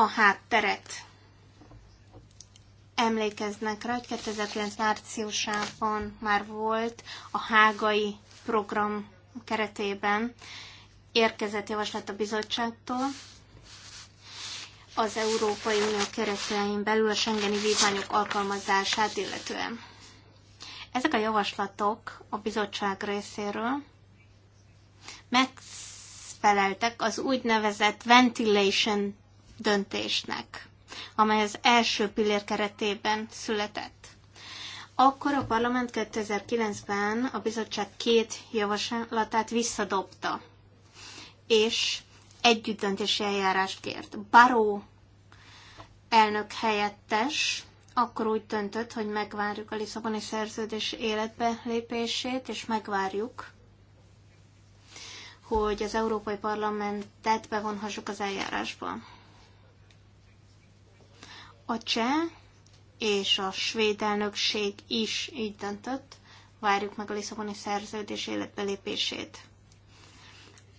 a hátteret. Emlékeznek rá, hogy 2009 márciusában már volt a hágai program keretében érkezett javaslat a bizottságtól, az Európai Unió keretein belül a Schengeni vívmányok alkalmazását illetően. Ezek a javaslatok a bizottság részéről megfeleltek az úgynevezett ventilation döntésnek, amely az első pillér keretében született. Akkor a parlament 2009-ben a bizottság két javaslatát visszadobta, és együttdöntési eljárást kért. Baró elnök helyettes akkor úgy döntött, hogy megvárjuk a Lisszaboni szerződés életbe lépését, és megvárjuk, hogy az Európai Parlamentet bevonhassuk az eljárásba. A cseh és a svéd elnökség is így döntött, várjuk meg a Lisszaboni szerződés életbelépését.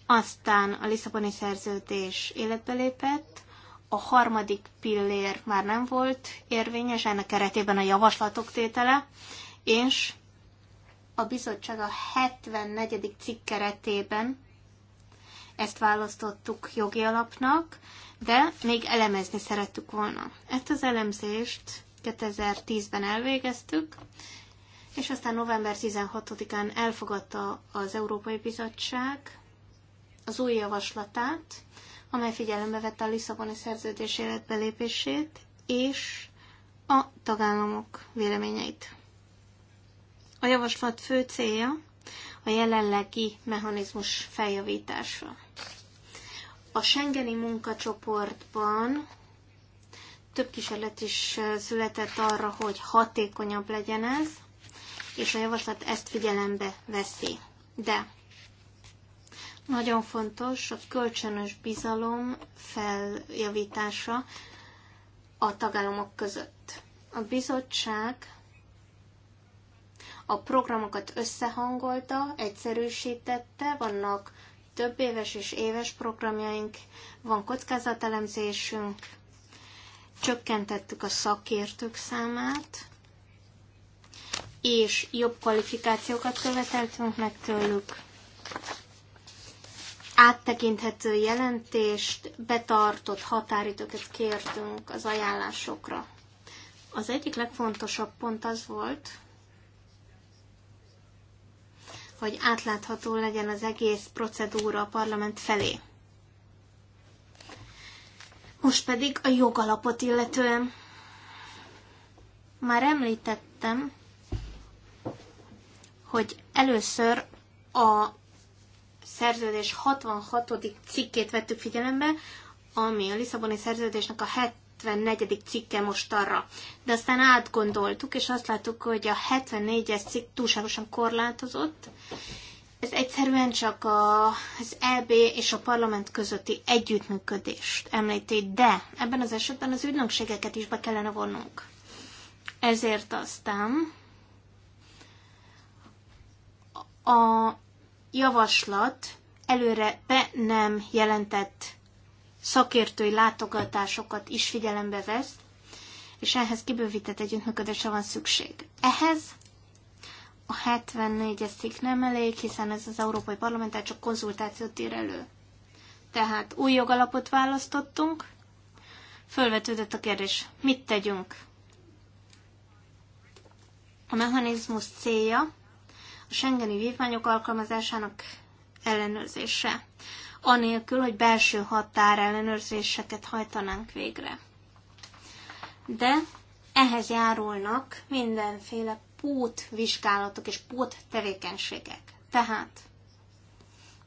Aztán a Lisszaboni szerződés életbelépett, a harmadik pillér már nem volt érvényes, ennek keretében a javaslatok tétele, és a bizottság a 74. cikk keretében ezt választottuk jogi alapnak, de még elemezni szerettük volna. Ezt az elemzést 2010-ben elvégeztük, és aztán november 16-án elfogadta az Európai Bizottság az új javaslatát, amely figyelembe vette a Lisszaboni szerződés életbelépését és a tagállamok véleményeit. A javaslat fő célja a jelenlegi mechanizmus feljavítása. A Schengeni munkacsoportban több kísérlet is született arra, hogy hatékonyabb legyen ez, és a javaslat ezt figyelembe veszi. De nagyon fontos a kölcsönös bizalom feljavítása a tagállamok között. A bizottság a programokat összehangolta, egyszerűsítette, vannak több éves és éves programjaink, van kockázatelemzésünk, csökkentettük a szakértők számát, és jobb kvalifikációkat követeltünk meg tőlük. Áttekinthető jelentést, betartott határidőket kértünk az ajánlásokra. Az egyik legfontosabb pont az volt, hogy átlátható legyen az egész procedúra a parlament felé. Most pedig a jogalapot illetően. Már említettem, hogy először a szerződés 66. cikkét vettük figyelembe, ami a Lisszaboni szerződésnek a 74. cikke most arra. De aztán átgondoltuk, és azt láttuk, hogy a 74-es cikk túlságosan korlátozott. Ez egyszerűen csak a az EB és a parlament közötti együttműködést említi, de ebben az esetben az ügynökségeket is be kellene vonnunk. Ezért aztán a javaslat előre be nem jelentett szakértői látogatásokat is figyelembe vesz, és ehhez kibővített együttműködésre van szükség. Ehhez a 74-es cikk nem elég, hiszen ez az Európai Parlament csak konzultációt ír elő. Tehát új jogalapot választottunk, fölvetődött a kérdés, mit tegyünk? A mechanizmus célja a Schengeni vívmányok alkalmazásának ellenőrzése anélkül, hogy belső határellenőrzéseket hajtanánk végre. De ehhez járulnak mindenféle pótvizsgálatok és póttevékenységek. Tehát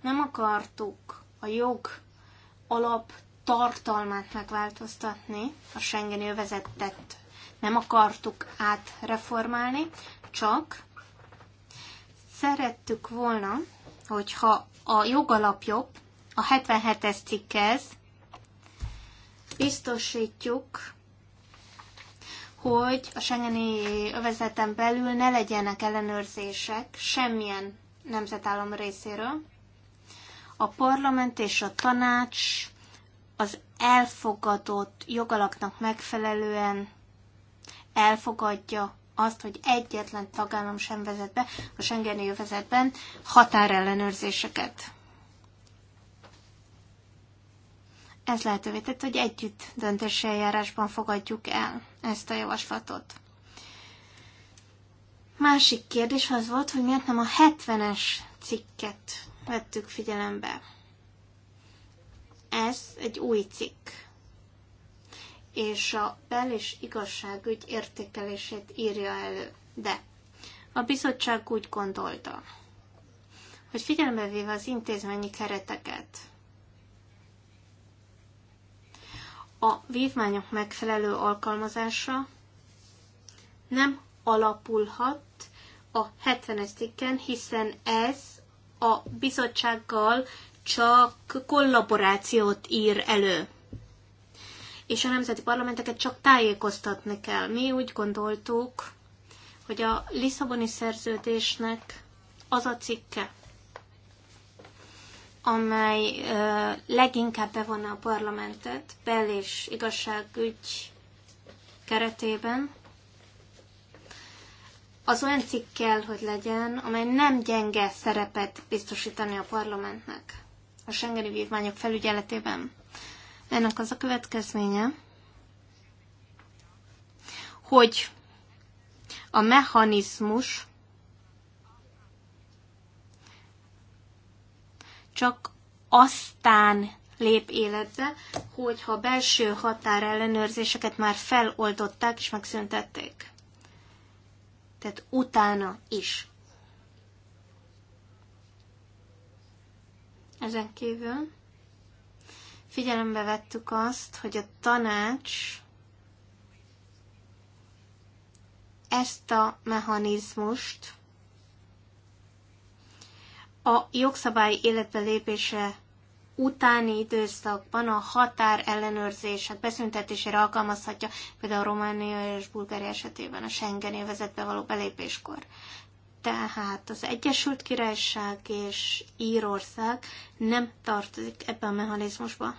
nem akartuk a jog alap tartalmát megváltoztatni a Schengen övezetet nem akartuk átreformálni, csak szerettük volna, hogyha a jogalap jobb, a 77-es cikkhez biztosítjuk, hogy a Schengeni övezeten belül ne legyenek ellenőrzések semmilyen nemzetállam részéről. A parlament és a tanács az elfogadott jogalaknak megfelelően elfogadja azt, hogy egyetlen tagállam sem vezet be a Schengeni övezetben határellenőrzéseket. Ez lehetővé tett, hogy együtt döntési eljárásban fogadjuk el ezt a javaslatot. Másik kérdés az volt, hogy miért nem a 70-es cikket vettük figyelembe. Ez egy új cikk, és a bel- és igazságügy értékelését írja elő. De a bizottság úgy gondolta, hogy figyelembe véve az intézményi kereteket, a vívmányok megfelelő alkalmazása nem alapulhat a 70 cikken, hiszen ez a bizottsággal csak kollaborációt ír elő. És a nemzeti parlamenteket csak tájékoztatni kell. Mi úgy gondoltuk, hogy a Lisszaboni szerződésnek az a cikke, amely ö, leginkább bevonna a parlamentet bel- és igazságügy keretében, az olyan cikk kell, hogy legyen, amely nem gyenge szerepet biztosítani a parlamentnek a Schengeni vívmányok felügyeletében. Ennek az a következménye, hogy a mechanizmus csak aztán lép életbe, hogyha belső határellenőrzéseket már feloldották és megszüntették. Tehát utána is. Ezen kívül figyelembe vettük azt, hogy a tanács ezt a mechanizmust a jogszabály életbe lépése utáni időszakban a határ ellenőrzéset hát beszüntetésére alkalmazhatja, például a Románia és Bulgária esetében a Schengen övezetbe való belépéskor. Tehát az Egyesült Királyság és Írország nem tartozik ebbe a mechanizmusba.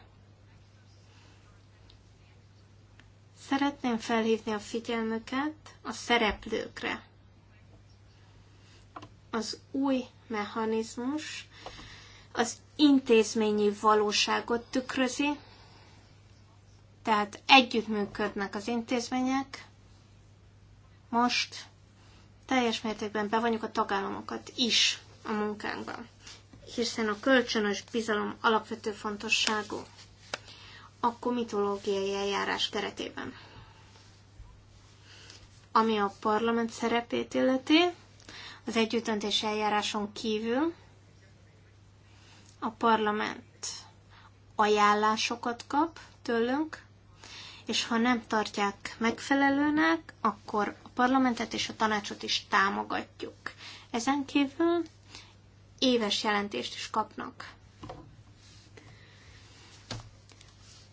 Szeretném felhívni a figyelmüket a szereplőkre az új mechanizmus az intézményi valóságot tükrözi, tehát együttműködnek az intézmények. Most teljes mértékben bevonjuk a tagállamokat is a munkánkban, hiszen a kölcsönös bizalom alapvető fontosságú a komitológiai eljárás keretében. Ami a parlament szerepét illeti, az együttöntés eljáráson kívül a parlament ajánlásokat kap tőlünk, és ha nem tartják megfelelőnek, akkor a parlamentet és a tanácsot is támogatjuk. Ezen kívül éves jelentést is kapnak.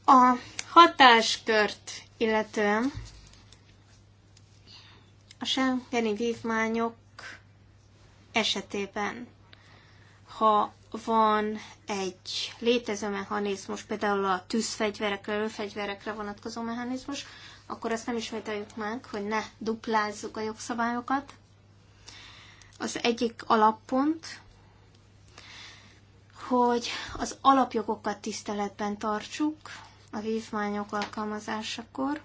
A hatáskört illetően a Schengeni vívmányok esetében, ha van egy létező mechanizmus, például a tűzfegyverekre, lőfegyverekre vonatkozó mechanizmus, akkor ezt nem ismételjük meg, hogy ne duplázzuk a jogszabályokat. Az egyik alappont, hogy az alapjogokat tiszteletben tartsuk a vívmányok alkalmazásakor,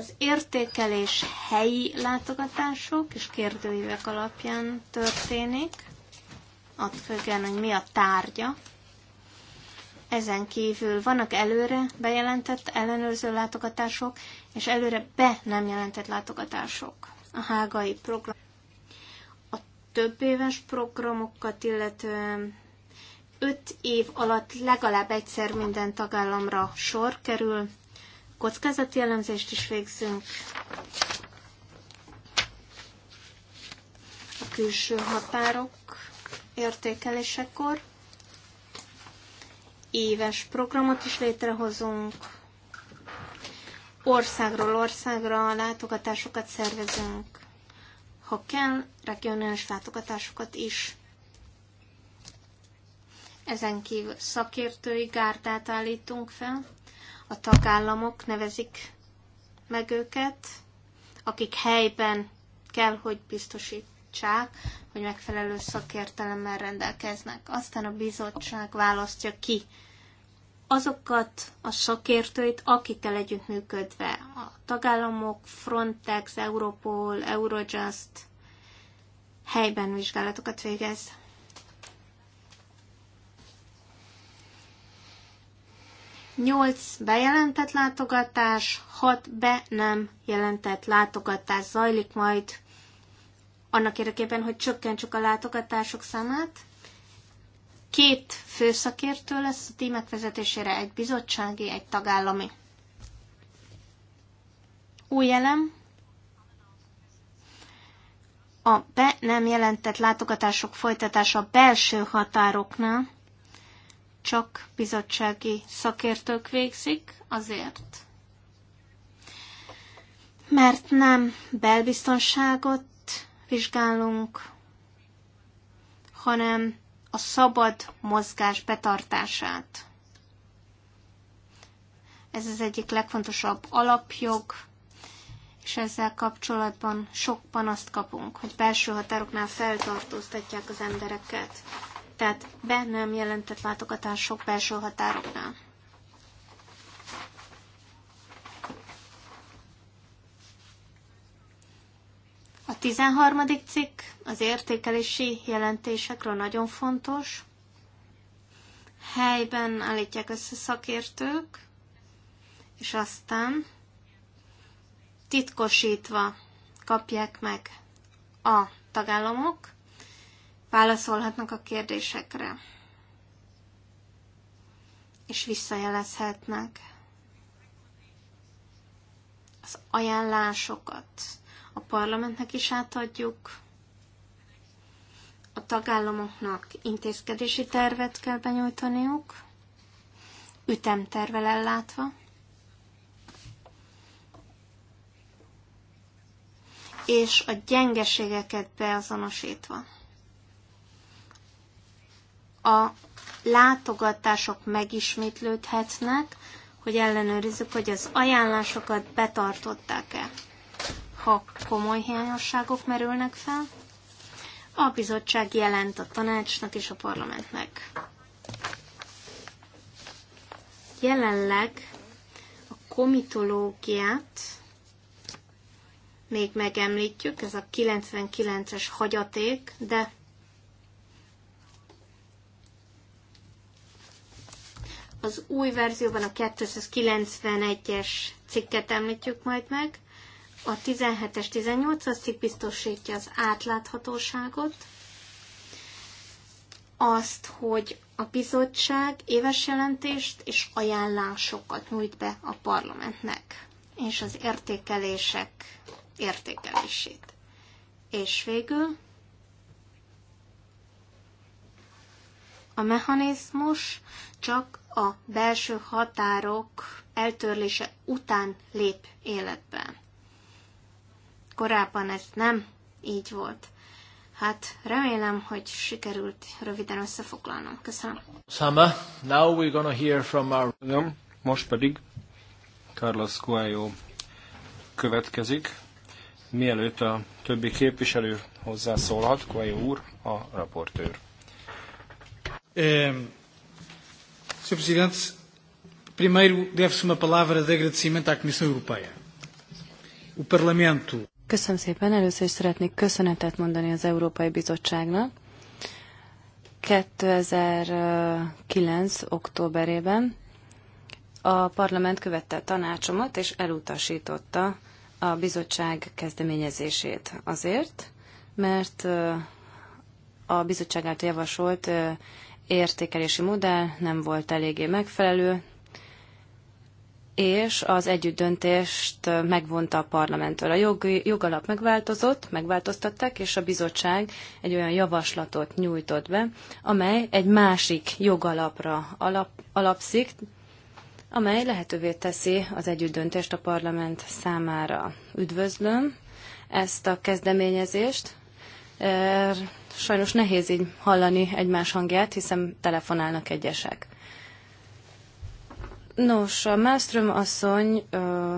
az értékelés helyi látogatások és kérdőívek alapján történik, ott függően, hogy mi a tárgya. Ezen kívül vannak előre bejelentett ellenőrző látogatások, és előre be nem jelentett látogatások. A hágai program. A több éves programokat, illetően 5 év alatt legalább egyszer minden tagállamra sor kerül, kockázati jellemzést is végzünk, a külső határok értékelésekor, éves programot is létrehozunk, országról országra látogatásokat szervezünk, ha kell, regionális látogatásokat is. Ezen kívül szakértői gárdát állítunk fel, a tagállamok nevezik meg őket, akik helyben kell, hogy biztosítsák, hogy megfelelő szakértelemmel rendelkeznek. Aztán a bizottság választja ki azokat a szakértőit, akikkel együttműködve a tagállamok, Frontex, Europol, Eurojust helyben vizsgálatokat végez. 8 bejelentett látogatás, 6 be nem jelentett látogatás zajlik majd annak érdekében, hogy csökkentsük a látogatások számát. Két főszakértő lesz a tímek vezetésére, egy bizottsági, egy tagállami. Új elem, a be nem jelentett látogatások folytatása a belső határoknál, csak bizottsági szakértők végzik, azért. Mert nem belbiztonságot vizsgálunk, hanem a szabad mozgás betartását. Ez az egyik legfontosabb alapjog, és ezzel kapcsolatban sok panaszt kapunk, hogy belső határoknál feltartóztatják az embereket tehát be nem jelentett sok belső határoknál. A 13. cikk az értékelési jelentésekről nagyon fontos. Helyben állítják össze szakértők, és aztán titkosítva kapják meg a tagállamok, válaszolhatnak a kérdésekre, és visszajelezhetnek az ajánlásokat. A parlamentnek is átadjuk, a tagállamoknak intézkedési tervet kell benyújtaniuk, ütemtervel ellátva, és a gyengeségeket beazonosítva a látogatások megismétlődhetnek, hogy ellenőrizzük, hogy az ajánlásokat betartották-e. Ha komoly hiányosságok merülnek fel, a bizottság jelent a tanácsnak és a parlamentnek. Jelenleg a komitológiát még megemlítjük, ez a 99-es hagyaték, de Az új verzióban a 291-es cikket említjük majd meg. A 17-es, 18-as cikk biztosítja az átláthatóságot, azt, hogy a bizottság éves jelentést és ajánlásokat nyújt be a parlamentnek, és az értékelések értékelését. És végül A mechanizmus csak a belső határok eltörlése után lép életbe. Korábban ez nem így volt. Hát remélem, hogy sikerült röviden összefoglalnom. Köszönöm. Sama, now we're gonna hear from our... Most pedig Carlos Coelho következik. Mielőtt a többi képviselő hozzászólhat, Coelho úr, a raportőr. Ehm, Sr. Presidente, primeiro deve-se uma palavra de agradecimento à Comissão Europeia. O Parlamento. Köszönöm szépen, először is szeretnék köszönetet mondani az Európai Bizottságnak. 2009. októberében a parlament követte a tanácsomat és elutasította a bizottság kezdeményezését azért, mert a bizottság által javasolt értékelési modell nem volt eléggé megfelelő, és az együttdöntést megvonta a parlamenttől. A jog, jogalap megváltozott, megváltoztatták, és a bizottság egy olyan javaslatot nyújtott be, amely egy másik jogalapra alap, alapszik, amely lehetővé teszi az együttdöntést a parlament számára. Üdvözlöm ezt a kezdeményezést. Er, sajnos nehéz így hallani egymás hangját, hiszen telefonálnak egyesek. Nos, a Malmström asszony ö,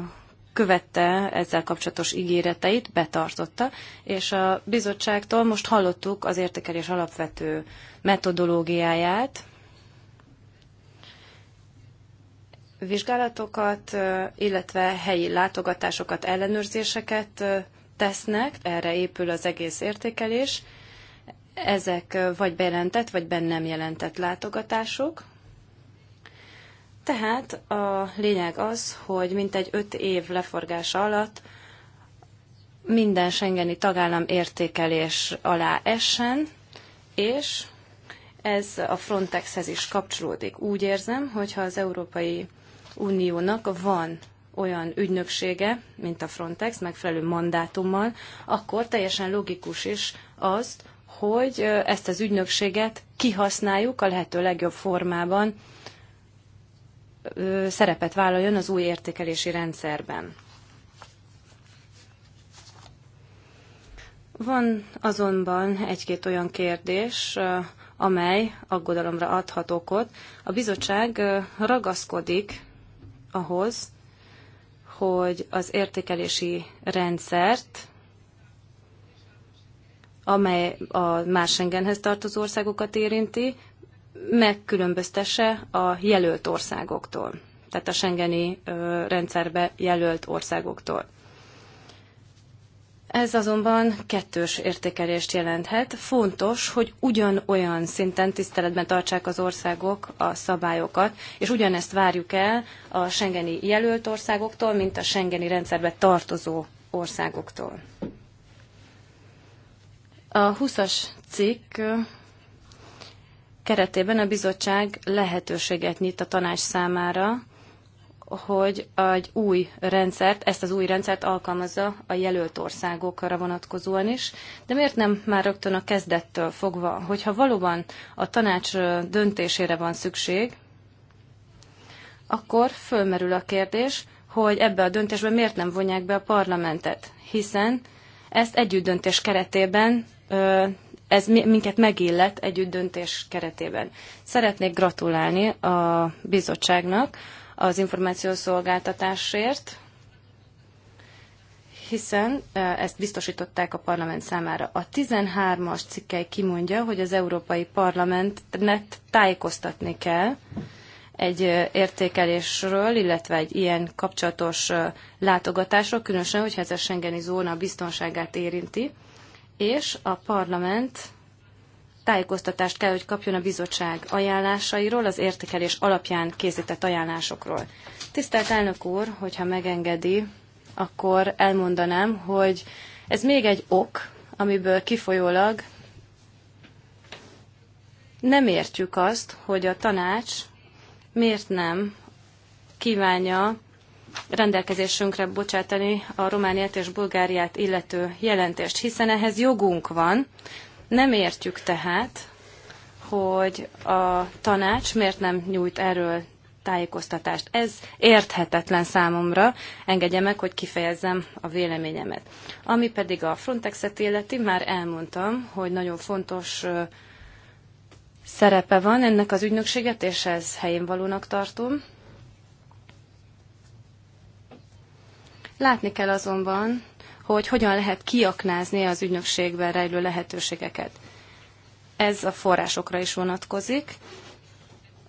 követte ezzel kapcsolatos ígéreteit, betartotta, és a bizottságtól most hallottuk az értékelés alapvető metodológiáját, vizsgálatokat, illetve helyi látogatásokat, ellenőrzéseket tesznek, erre épül az egész értékelés, ezek vagy bejelentett, vagy be nem jelentett látogatások. Tehát a lényeg az, hogy mintegy öt év leforgása alatt minden Schengeni tagállam értékelés alá essen, és ez a Frontexhez is kapcsolódik. Úgy érzem, hogyha az Európai Uniónak van olyan ügynöksége, mint a Frontex, megfelelő mandátummal, akkor teljesen logikus is azt, hogy ezt az ügynökséget kihasználjuk a lehető legjobb formában, szerepet vállaljon az új értékelési rendszerben. Van azonban egy-két olyan kérdés, amely aggodalomra adhat okot. A bizottság ragaszkodik ahhoz, hogy az értékelési rendszert amely a más Schengenhez tartozó országokat érinti, megkülönböztesse a jelölt országoktól, tehát a Schengeni rendszerbe jelölt országoktól. Ez azonban kettős értékelést jelenthet. Fontos, hogy ugyanolyan szinten tiszteletben tartsák az országok a szabályokat, és ugyanezt várjuk el a Schengeni jelölt országoktól, mint a Schengeni rendszerbe tartozó országoktól. A 20-as cikk keretében a bizottság lehetőséget nyit a tanács számára, hogy egy új rendszert, ezt az új rendszert alkalmazza a jelölt országokra vonatkozóan is. De miért nem már rögtön a kezdettől fogva, hogyha valóban a tanács döntésére van szükség, akkor fölmerül a kérdés, hogy ebbe a döntésbe miért nem vonják be a parlamentet, hiszen ezt döntés keretében ez minket megillet együtt döntés keretében. Szeretnék gratulálni a bizottságnak az információszolgáltatásért, hiszen ezt biztosították a parlament számára. A 13-as cikkely kimondja, hogy az Európai Parlamentnek tájékoztatni kell egy értékelésről, illetve egy ilyen kapcsolatos látogatásról, különösen, hogyha ez a Schengeni zóna biztonságát érinti és a parlament tájékoztatást kell, hogy kapjon a bizottság ajánlásairól, az értékelés alapján készített ajánlásokról. Tisztelt elnök úr, hogyha megengedi, akkor elmondanám, hogy ez még egy ok, amiből kifolyólag nem értjük azt, hogy a tanács miért nem kívánja rendelkezésünkre bocsátani a Romániát és Bulgáriát illető jelentést, hiszen ehhez jogunk van. Nem értjük tehát, hogy a tanács miért nem nyújt erről tájékoztatást. Ez érthetetlen számomra. Engedje meg, hogy kifejezzem a véleményemet. Ami pedig a Frontexet illeti, már elmondtam, hogy nagyon fontos szerepe van ennek az ügynökséget, és ez helyén valónak tartom. Látni kell azonban, hogy hogyan lehet kiaknázni az ügynökségben rejlő lehetőségeket. Ez a forrásokra is vonatkozik.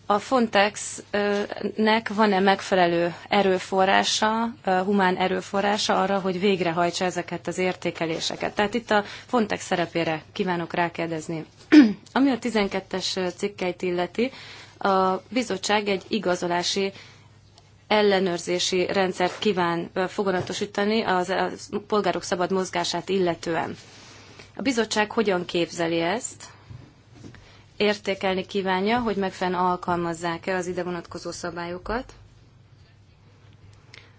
A Fontexnek van-e megfelelő erőforrása, humán erőforrása arra, hogy végrehajtsa ezeket az értékeléseket? Tehát itt a Fontex szerepére kívánok rákérdezni. Ami a 12-es cikkeit illeti, a bizottság egy igazolási ellenőrzési rendszert kíván foganatosítani az, a polgárok szabad mozgását illetően. A bizottság hogyan képzeli ezt? Értékelni kívánja, hogy megfelelően alkalmazzák-e az ide vonatkozó szabályokat,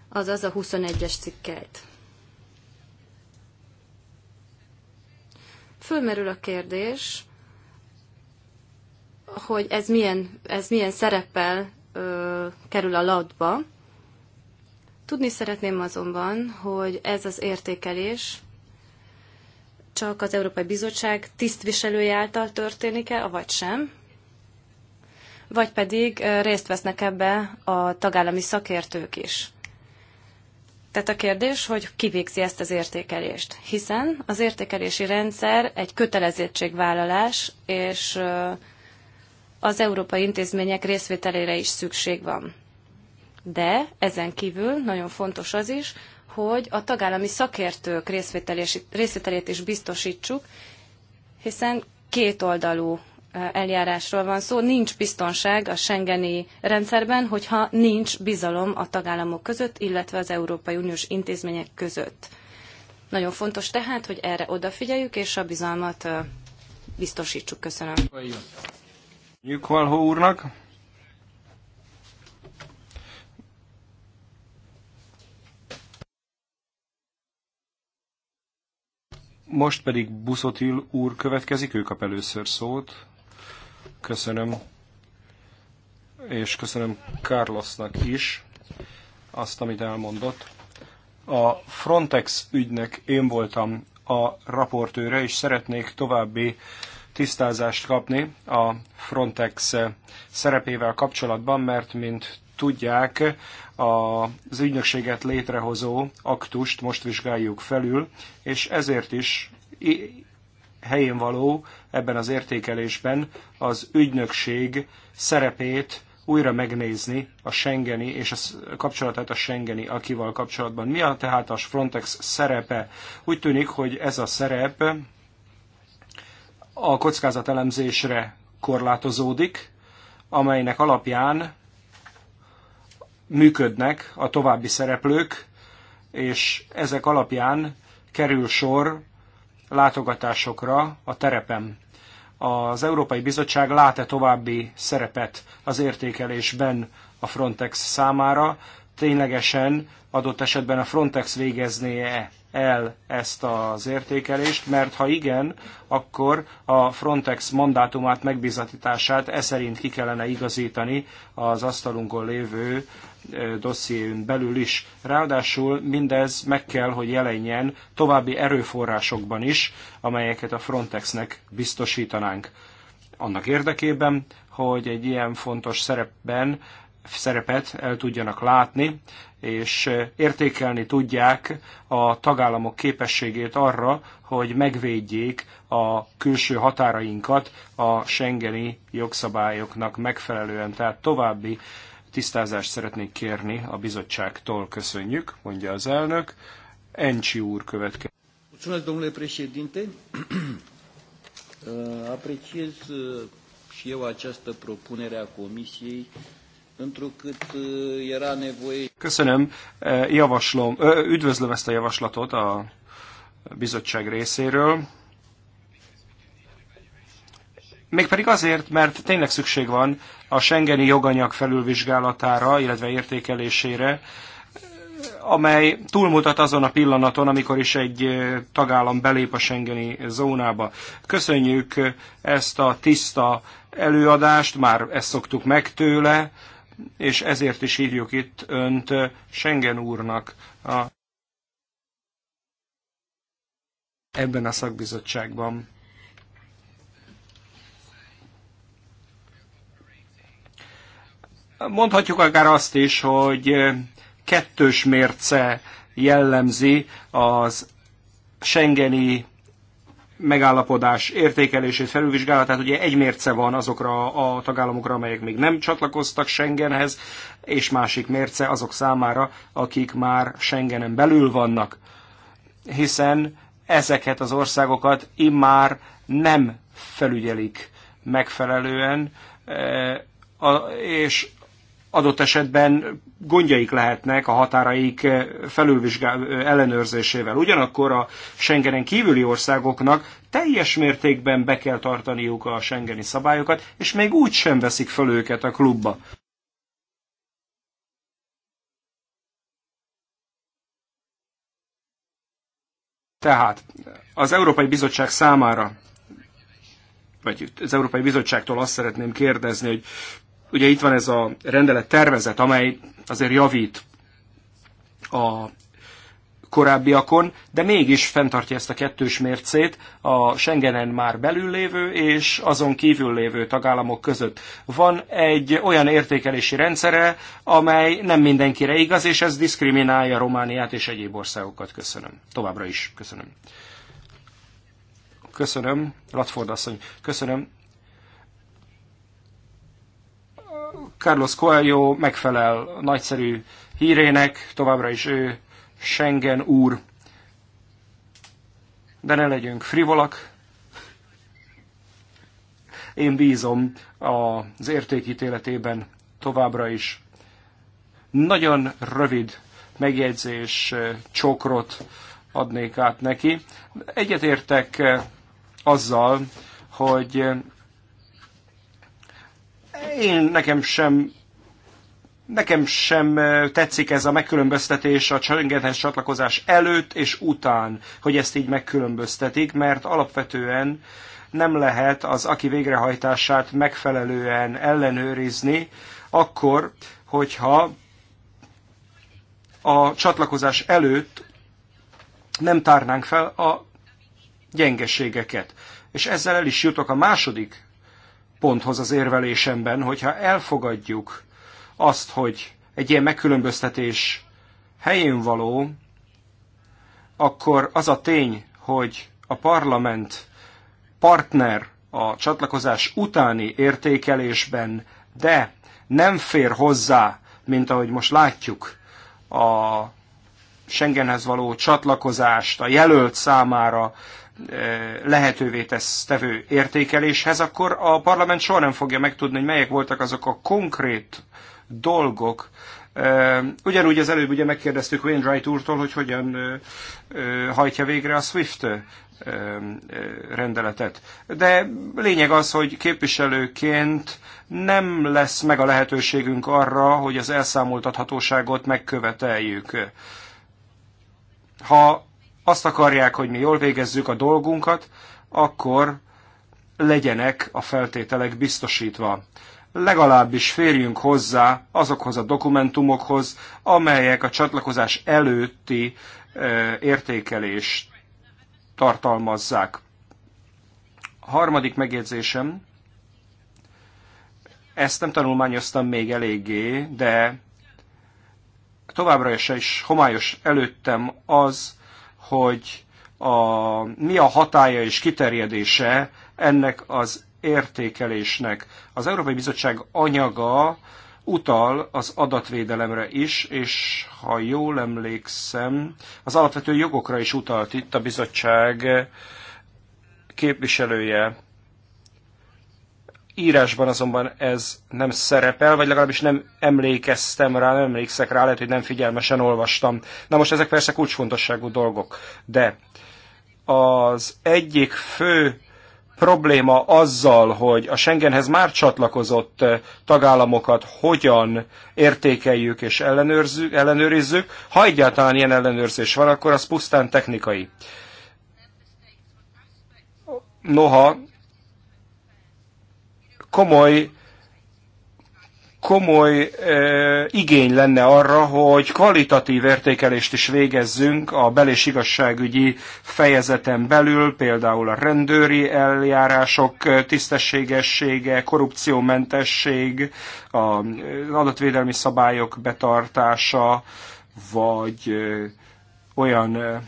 azaz a 21-es cikkeit. Fölmerül a kérdés, hogy ez milyen, ez milyen szereppel ö, kerül a latba. Tudni szeretném azonban, hogy ez az értékelés csak az Európai Bizottság tisztviselői által történik-e, vagy sem, vagy pedig részt vesznek ebbe a tagállami szakértők is. Tehát a kérdés, hogy ki végzi ezt az értékelést, hiszen az értékelési rendszer egy kötelezettségvállalás, és az európai intézmények részvételére is szükség van. De ezen kívül nagyon fontos az is, hogy a tagállami szakértők részvételét is biztosítsuk, hiszen kétoldalú eljárásról van szó. Nincs biztonság a Schengeni rendszerben, hogyha nincs bizalom a tagállamok között, illetve az Európai Uniós intézmények között. Nagyon fontos tehát, hogy erre odafigyeljük, és a bizalmat biztosítsuk. Köszönöm. Nyugvalhó úrnak. Most pedig Buszotil úr következik, ő kap először szót. Köszönöm. És köszönöm Carlosnak is azt, amit elmondott. A Frontex ügynek én voltam a raportőre, és szeretnék további tisztázást kapni a Frontex szerepével kapcsolatban, mert mint tudják, az ügynökséget létrehozó aktust most vizsgáljuk felül, és ezért is helyén való ebben az értékelésben az ügynökség szerepét újra megnézni a Schengeni és a kapcsolatát a Schengeni akival kapcsolatban. Mi a tehát a Frontex szerepe? Úgy tűnik, hogy ez a szerep a kockázatelemzésre korlátozódik, amelynek alapján működnek a további szereplők, és ezek alapján kerül sor látogatásokra a terepen. Az Európai Bizottság lát-e további szerepet az értékelésben a Frontex számára, ténylegesen adott esetben a Frontex végezné -e el ezt az értékelést, mert ha igen, akkor a Frontex mandátumát, megbizatítását e szerint ki kellene igazítani az asztalunkon lévő dossziéjön belül is. Ráadásul mindez meg kell, hogy jelenjen további erőforrásokban is, amelyeket a Frontexnek biztosítanánk. Annak érdekében, hogy egy ilyen fontos szerepben szerepet el tudjanak látni, és értékelni tudják a tagállamok képességét arra, hogy megvédjék a külső határainkat a Schengeni jogszabályoknak megfelelően. Tehát további tisztázást szeretnék kérni a bizottságtól. Köszönjük, mondja az elnök. Encsi úr következik. Mulțumesc, domnule președinte. Apreciez uh, și eu această propunere a Comisiei Uh, Köszönöm, e, javaslom, üdvözlöm ezt a javaslatot a bizottság részéről. Mégpedig azért, mert tényleg szükség van a Schengeni joganyag felülvizsgálatára, illetve értékelésére, amely túlmutat azon a pillanaton, amikor is egy tagállam belép a Schengeni zónába. Köszönjük ezt a tiszta előadást, már ezt szoktuk meg tőle, és ezért is hívjuk itt önt Schengen úrnak a, ebben a szakbizottságban. Mondhatjuk akár azt is, hogy kettős mérce jellemzi az Schengeni megállapodás értékelését, felülvizsgálatát, ugye egy mérce van azokra a tagállamokra, amelyek még nem csatlakoztak Schengenhez, és másik mérce azok számára, akik már Schengenen belül vannak. Hiszen ezeket az országokat immár nem felügyelik megfelelően, eh, és adott esetben gondjaik lehetnek a határaik felülvizsgál ellenőrzésével. Ugyanakkor a Schengenen kívüli országoknak teljes mértékben be kell tartaniuk a Schengeni szabályokat, és még úgy sem veszik fel őket a klubba. Tehát az Európai Bizottság számára, vagy az Európai Bizottságtól azt szeretném kérdezni, hogy ugye itt van ez a rendelet tervezet, amely azért javít a korábbiakon, de mégis fenntartja ezt a kettős mércét a Schengenen már belül lévő és azon kívül lévő tagállamok között. Van egy olyan értékelési rendszere, amely nem mindenkire igaz, és ez diszkriminálja Romániát és egyéb országokat. Köszönöm. Továbbra is köszönöm. Köszönöm, Latford asszony. Köszönöm. Carlos Coelho megfelel nagyszerű hírének, továbbra is ő Schengen úr. De ne legyünk frivolak. Én bízom az értékítéletében továbbra is. Nagyon rövid megjegyzés eh, csokrot adnék át neki. Egyetértek eh, azzal, hogy eh, én nekem sem Nekem sem tetszik ez a megkülönböztetés a Schengenhez csatlakozás előtt és után, hogy ezt így megkülönböztetik, mert alapvetően nem lehet az aki végrehajtását megfelelően ellenőrizni, akkor, hogyha a csatlakozás előtt nem tárnánk fel a gyengeségeket. És ezzel el is jutok a második ponthoz az érvelésemben, hogyha elfogadjuk azt, hogy egy ilyen megkülönböztetés helyén való, akkor az a tény, hogy a parlament partner a csatlakozás utáni értékelésben, de nem fér hozzá, mint ahogy most látjuk, a Schengenhez való csatlakozást a jelölt számára Eh, lehetővé tesz tevő értékeléshez, akkor a parlament soha nem fogja megtudni, hogy melyek voltak azok a konkrét dolgok, eh, Ugyanúgy az előbb ugye megkérdeztük Wainwright úrtól, hogy hogyan eh, hajtja végre a SWIFT rendeletet. De lényeg az, hogy képviselőként nem lesz meg a lehetőségünk arra, hogy az elszámoltathatóságot megköveteljük. Ha azt akarják, hogy mi jól végezzük a dolgunkat, akkor legyenek a feltételek biztosítva. Legalábbis férjünk hozzá azokhoz a dokumentumokhoz, amelyek a csatlakozás előtti értékelést tartalmazzák. A harmadik megjegyzésem, ezt nem tanulmányoztam még eléggé, de továbbra is, is homályos előttem az, hogy a, mi a hatája és kiterjedése ennek az értékelésnek. Az Európai Bizottság anyaga utal az adatvédelemre is, és ha jól emlékszem, az alapvető jogokra is utalt itt a bizottság képviselője. Írásban azonban ez nem szerepel, vagy legalábbis nem emlékeztem rá, nem emlékszek rá, lehet, hogy nem figyelmesen olvastam. Na most ezek persze kulcsfontosságú dolgok, de az egyik fő probléma azzal, hogy a Schengenhez már csatlakozott eh, tagállamokat hogyan értékeljük és ellenőrizzük, ha egyáltalán ilyen ellenőrzés van, akkor az pusztán technikai. Noha komoly komoly e, igény lenne arra, hogy kvalitatív értékelést is végezzünk a bel- és igazságügyi fejezeten belül, például a rendőri eljárások e, tisztességessége, korrupciómentesség, az adatvédelmi szabályok betartása, vagy e, olyan e,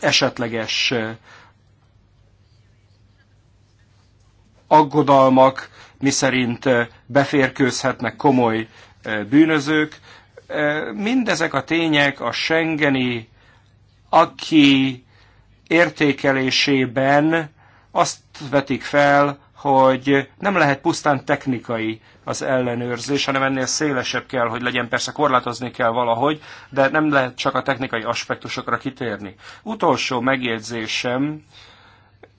esetleges e, aggodalmak, miszerint eh, beférkőzhetnek komoly eh, bűnözők. Eh, mindezek a tények a Schengeni aki értékelésében azt vetik fel, hogy nem lehet pusztán technikai az ellenőrzés, hanem ennél szélesebb kell, hogy legyen, persze korlátozni kell valahogy, de nem lehet csak a technikai aspektusokra kitérni. Utolsó megjegyzésem,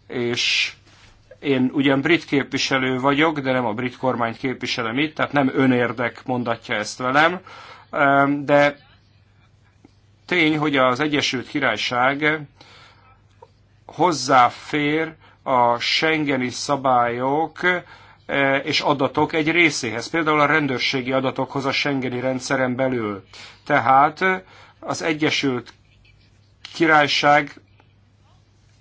és én ugyan brit képviselő vagyok, de nem a brit kormányt képviselem itt, tehát nem önérdek mondatja ezt velem, de tény, hogy az Egyesült Királyság hozzáfér a Schengeni szabályok és adatok egy részéhez, például a rendőrségi adatokhoz a Schengeni rendszeren belül. Tehát az Egyesült Királyság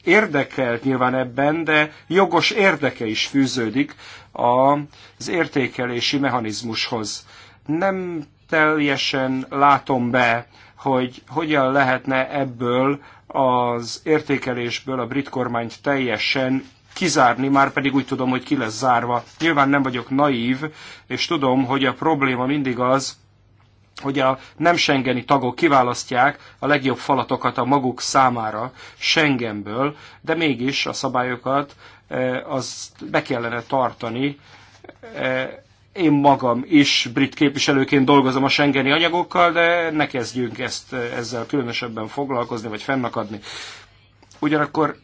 érdekelt nyilván ebben, de jogos érdeke is fűződik az értékelési mechanizmushoz. Nem teljesen látom be, hogy hogyan lehetne ebből az értékelésből a brit kormányt teljesen kizárni, már pedig úgy tudom, hogy ki lesz zárva. Nyilván nem vagyok naív, és tudom, hogy a probléma mindig az, hogy a nem Schengeni tagok kiválasztják a legjobb falatokat a maguk számára Schengenből, de mégis a szabályokat e, az be kellene tartani. E, én magam is brit képviselőként dolgozom a Schengeni anyagokkal, de ne kezdjünk ezt, e, ezzel különösebben foglalkozni, vagy fennakadni. Ugyanakkor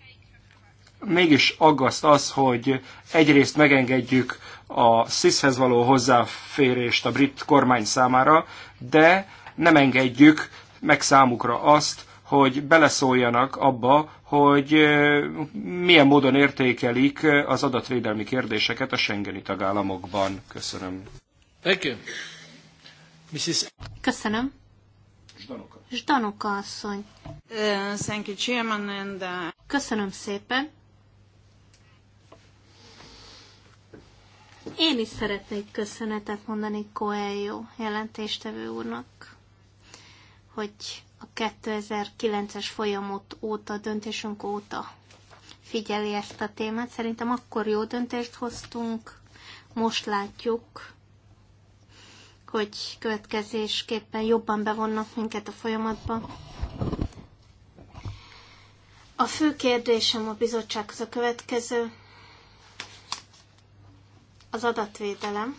mégis aggaszt az, hogy egyrészt megengedjük a SZISZ-hez való hozzáférést a brit kormány számára, de nem engedjük meg számukra azt, hogy beleszóljanak abba, hogy milyen módon értékelik az adatvédelmi kérdéseket a Schengeni tagállamokban. Köszönöm. Thank you. Mrs. Köszönöm. Zdanoka. Zdanoka asszony. Uh, thank you, Chairman, and, uh... Köszönöm szépen. Én is szeretnék köszönetet mondani Coelho jelentéstevő úrnak, hogy a 2009-es folyamot óta, döntésünk óta figyeli ezt a témát. Szerintem akkor jó döntést hoztunk, most látjuk, hogy következésképpen jobban bevonnak minket a folyamatba. A fő kérdésem a bizottsághoz a következő az adatvédelem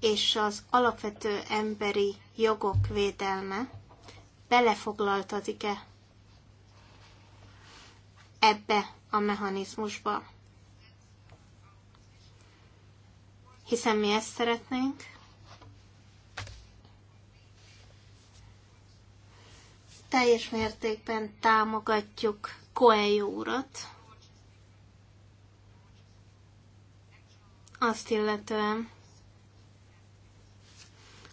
és az alapvető emberi jogok védelme belefoglaltatik-e ebbe a mechanizmusba. Hiszen mi ezt szeretnénk. Teljes mértékben támogatjuk Coelho urat, azt illetően,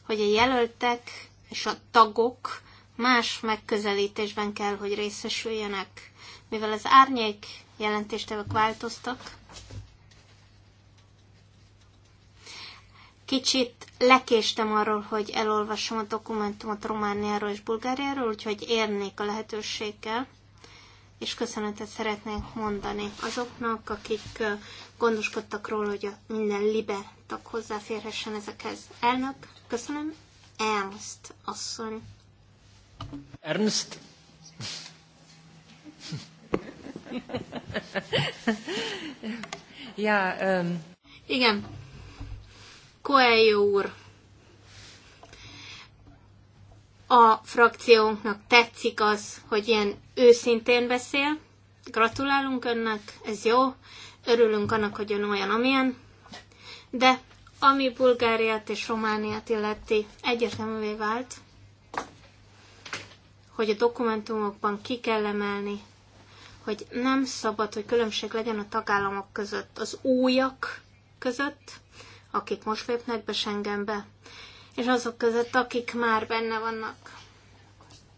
hogy a jelöltek és a tagok más megközelítésben kell, hogy részesüljenek, mivel az árnyék jelentéstevők változtak. Kicsit lekéstem arról, hogy elolvassam a dokumentumot Romániáról és Bulgáriáról, úgyhogy érnék a lehetőséggel és köszönetet szeretnénk mondani azoknak, akik gondoskodtak róla, hogy a minden libe tag hozzáférhessen ezekhez. Elnök, köszönöm. Ernst asszony. Ernst? ja, um... Igen. Coelho úr. A frakciónknak tetszik az, hogy ilyen őszintén beszél. Gratulálunk önnek, ez jó. Örülünk annak, hogy ön olyan, amilyen. De ami Bulgáriát és Romániát illeti, egyértelművé vált, hogy a dokumentumokban ki kell emelni, hogy nem szabad, hogy különbség legyen a tagállamok között, az újak között, akik most lépnek be Schengenbe, és azok között, akik már benne vannak.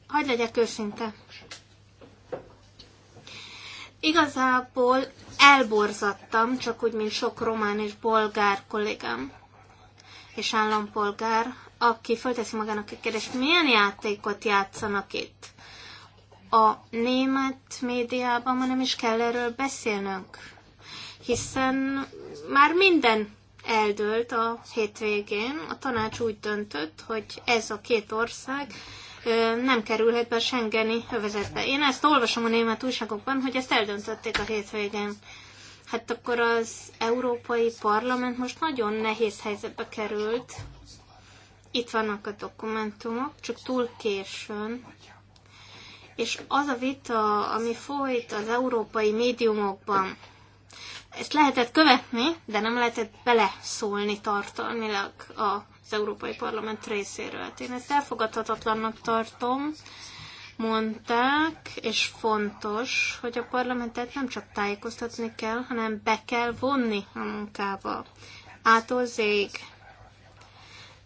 Hagy legyek őszinte. Igazából elborzattam, csak úgy, mint sok román és bolgár kollégám és állampolgár, aki fölteszi magának a kérdést, milyen játékot játszanak itt. A német médiában ma nem is kell erről beszélnünk, hiszen már minden eldőlt a hétvégén. A tanács úgy döntött, hogy ez a két ország nem kerülhet be a Schengeni övezetbe. Én ezt olvasom a német újságokban, hogy ezt eldöntötték a hétvégén. Hát akkor az Európai Parlament most nagyon nehéz helyzetbe került. Itt vannak a dokumentumok, csak túl későn. És az a vita, ami folyt az európai médiumokban, ezt lehetett követni, de nem lehetett beleszólni tartalmilag az Európai Parlament részéről. én ezt elfogadhatatlannak tartom, mondták, és fontos, hogy a parlamentet nem csak tájékoztatni kell, hanem be kell vonni a munkába. Ától zég.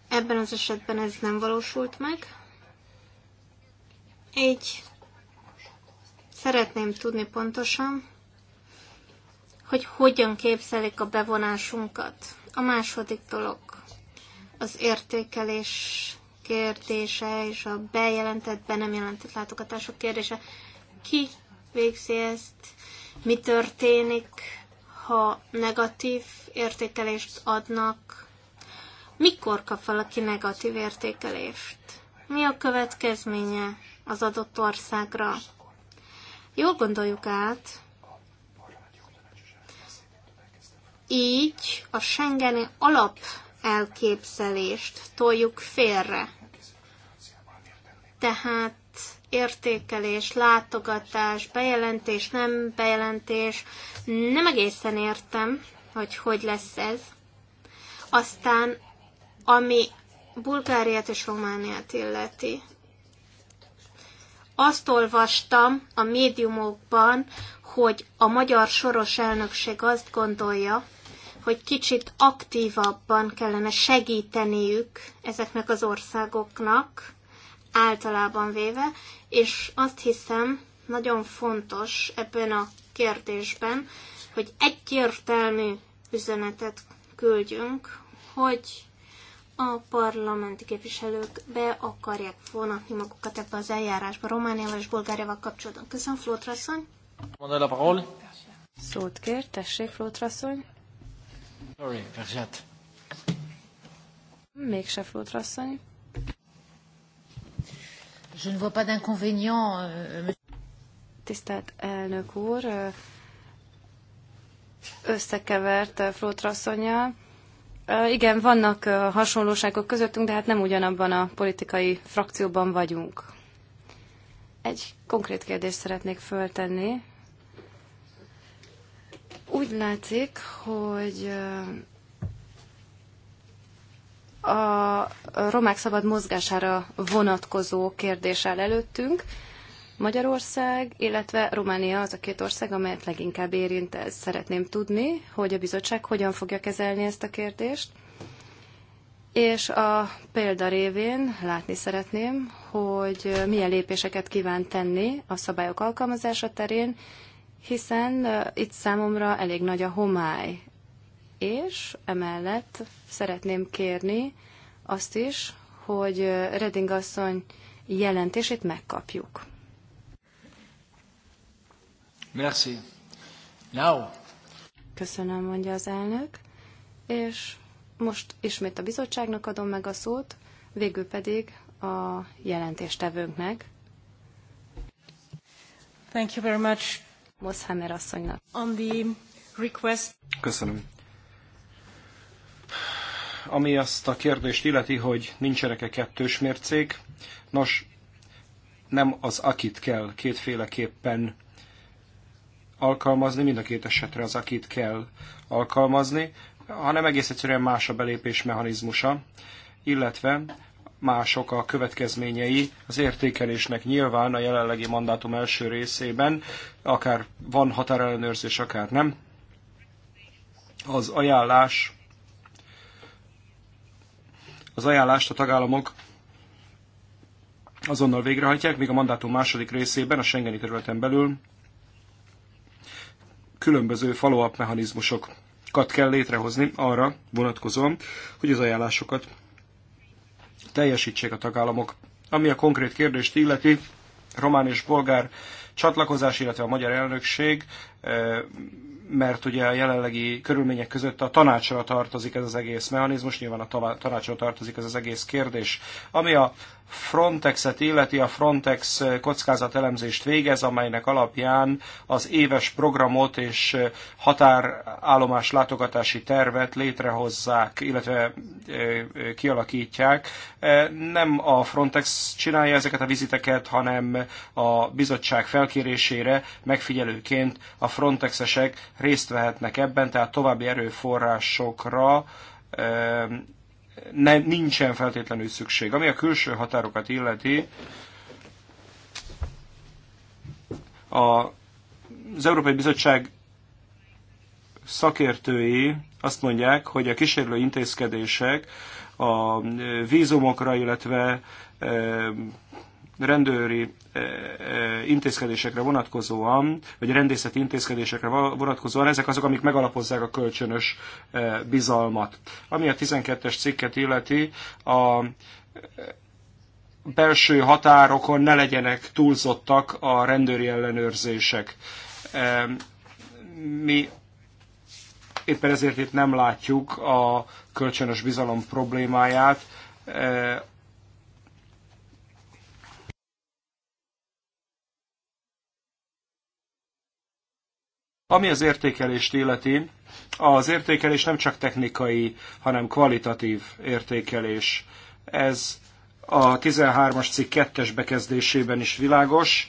Ebben az esetben ez nem valósult meg. Így szeretném tudni pontosan, hogy hogyan képzelik a bevonásunkat. A második dolog az értékelés kérdése és a bejelentett, be nem jelentett látogatások kérdése. Ki végzi ezt? Mi történik, ha negatív értékelést adnak? Mikor kap valaki negatív értékelést? Mi a következménye az adott országra? Jól gondoljuk át, így a Schengeni alap elképzelést toljuk félre. Tehát értékelés, látogatás, bejelentés, nem bejelentés, nem egészen értem, hogy hogy lesz ez. Aztán, ami Bulgáriát és Romániát illeti, azt olvastam a médiumokban, hogy a magyar soros elnökség azt gondolja, hogy kicsit aktívabban kellene segíteniük ezeknek az országoknak, általában véve, és azt hiszem nagyon fontos ebben a kérdésben, hogy egyértelmű üzenetet küldjünk, hogy a parlamenti képviselők be akarják vonatni magukat ebbe az eljárásba Romániával és Bulgáriával kapcsolatban. Köszönöm, Flótrasszony! Szót kér, tessék, Flótrasszony! Sorry, Verzset. Mégse Flótra asszony. Je ne vois pas d'inconvénient. Euh, euh, Tisztelt elnök úr, összekevert Flótra Igen, vannak hasonlóságok közöttünk, de hát nem ugyanabban a politikai frakcióban vagyunk. Egy konkrét kérdést szeretnék föltenni úgy látszik, hogy a romák szabad mozgására vonatkozó kérdés áll előttünk. Magyarország, illetve Románia az a két ország, amelyet leginkább érint ez. Szeretném tudni, hogy a bizottság hogyan fogja kezelni ezt a kérdést. És a példa révén látni szeretném, hogy milyen lépéseket kíván tenni a szabályok alkalmazása terén, hiszen itt számomra elég nagy a homály. És emellett szeretném kérni azt is, hogy Reding asszony jelentését megkapjuk. Merci. Now. Köszönöm, mondja az elnök. És most ismét a bizottságnak adom meg a szót, végül pedig a jelentéstevőnknek. Thank you very much, Moszhammer asszonynak. On the request... Köszönöm. Ami azt a kérdést illeti, hogy nincsenek-e kettős mércék, nos, nem az akit kell kétféleképpen alkalmazni, mind a két esetre az akit kell alkalmazni, hanem egész egyszerűen más a belépés mechanizmusa, illetve mások a következményei az értékelésnek nyilván a jelenlegi mandátum első részében, akár van határellenőrzés, akár nem. Az ajánlás az ajánlást a tagállamok azonnal végrehajtják, míg a mandátum második részében a Schengeni területen belül különböző follow-up mechanizmusokat kell létrehozni arra vonatkozóan, hogy az ajánlásokat teljesítsék a tagállamok. Ami a konkrét kérdést illeti, román és bolgár csatlakozás, illetve a magyar elnökség, eh, mert ugye a jelenlegi körülmények között a tanácsra tartozik ez az egész mechanizmus, nyilván a tanácsra tartozik ez az egész kérdés. Ami a Frontexet illeti a Frontex kockázatelemzést végez, amelynek alapján az éves programot és határállomás látogatási tervet létrehozzák, illetve e, e, kialakítják. E, nem a Frontex csinálja ezeket a viziteket, hanem a bizottság felkérésére megfigyelőként a Frontexesek részt vehetnek ebben, tehát további erőforrásokra nem, nincsen feltétlenül szükség. Ami a külső határokat illeti, a, az Európai Bizottság szakértői azt mondják, hogy a kísérlő intézkedések a vízumokra, illetve rendőri eh, eh, intézkedésekre vonatkozóan, vagy rendészeti intézkedésekre vonatkozóan, ezek azok, amik megalapozzák a kölcsönös eh, bizalmat. Ami a 12-es cikket illeti, a belső határokon ne legyenek túlzottak a rendőri ellenőrzések. Mi éppen ezért itt nem látjuk a kölcsönös bizalom problémáját, Ami az értékelést illeti, az értékelés nem csak technikai, hanem kvalitatív értékelés. Ez a 13-as cikk 2 bekezdésében is világos,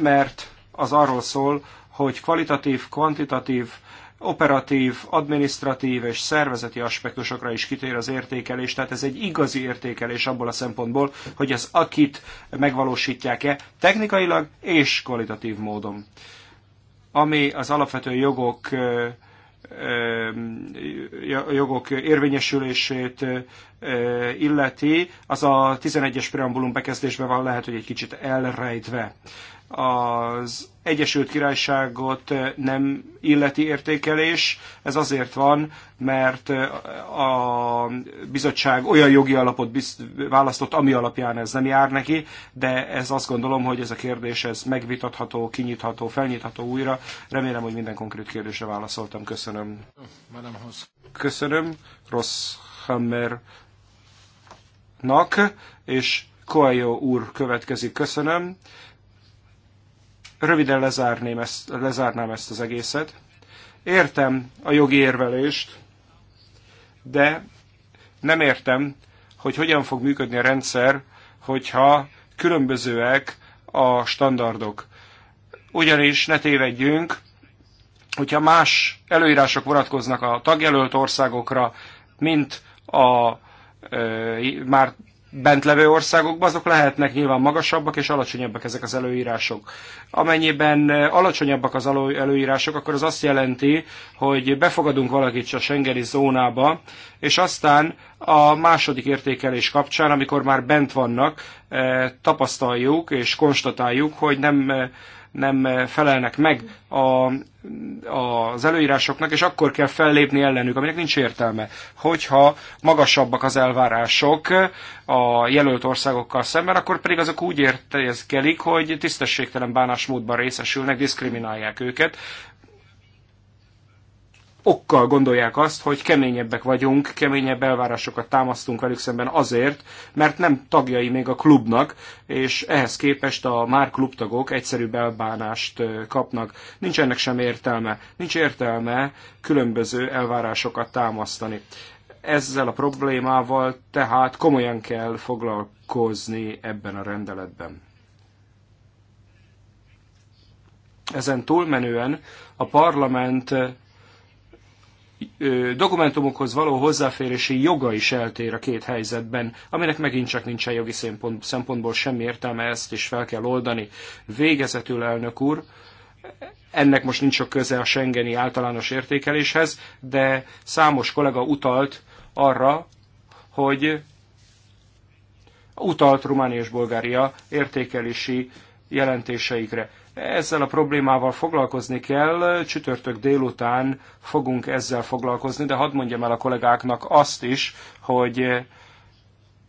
mert az arról szól, hogy kvalitatív, kvantitatív, operatív, adminisztratív és szervezeti aspektusokra is kitér az értékelés, tehát ez egy igazi értékelés abból a szempontból, hogy az akit megvalósítják-e technikailag és kvalitatív módon ami az alapvető jogok jogok érvényesülését illeti, az a 11-es preambulum bekezdésben van lehet, hogy egy kicsit elrejtve az Egyesült Királyságot eh, nem illeti értékelés. Ez azért van, mert eh, a bizottság olyan jogi alapot választott, ami alapján ez nem jár neki, de ez azt gondolom, hogy ez a kérdés ez megvitatható, kinyitható, felnyitható újra. Remélem, hogy minden konkrét kérdésre válaszoltam. Köszönöm. Köszönöm. Rossz Hammernak, és Koajó úr következik. Köszönöm. Röviden lezárném ezt, lezárnám ezt az egészet. Értem a jogi érvelést, de nem értem, hogy hogyan fog működni a rendszer, hogyha különbözőek a standardok. Ugyanis ne tévedjünk, hogyha más előírások vonatkoznak a tagjelölt országokra, mint a e, már bent levő országokban, azok lehetnek nyilván magasabbak és alacsonyabbak ezek az előírások. Amennyiben eh, alacsonyabbak az előírások, akkor az azt jelenti, hogy befogadunk valakit a Schengeni zónába, és aztán a második értékelés kapcsán, amikor már bent vannak, eh, tapasztaljuk és konstatáljuk, hogy nem eh, nem eh, felelnek meg a, az előírásoknak, és akkor kell fellépni ellenük, aminek nincs értelme. Hogyha magasabbak az elvárások eh, a jelölt országokkal szemben, akkor pedig azok úgy értezkelik, hogy tisztességtelen bánásmódban részesülnek, diszkriminálják őket, okkal gondolják azt, hogy keményebbek vagyunk, keményebb elvárásokat támasztunk velük szemben azért, mert nem tagjai még a klubnak, és ehhez képest a már klubtagok egyszerűbb elbánást kapnak. Nincs ennek sem értelme. Nincs értelme különböző elvárásokat támasztani. Ezzel a problémával tehát komolyan kell foglalkozni ebben a rendeletben. Ezen túlmenően a parlament dokumentumokhoz való hozzáférési joga is eltér a két helyzetben, aminek megint csak nincsen jogi szempont, szempontból semmi értelme, ezt is fel kell oldani. Végezetül, elnök úr, ennek most nincs sok köze a Schengeni általános értékeléshez, de számos kollega utalt arra, hogy utalt Románia és Bulgária értékelési jelentéseikre. Ezzel a problémával foglalkozni kell, csütörtök délután fogunk ezzel foglalkozni, de hadd mondjam el a kollégáknak azt is, hogy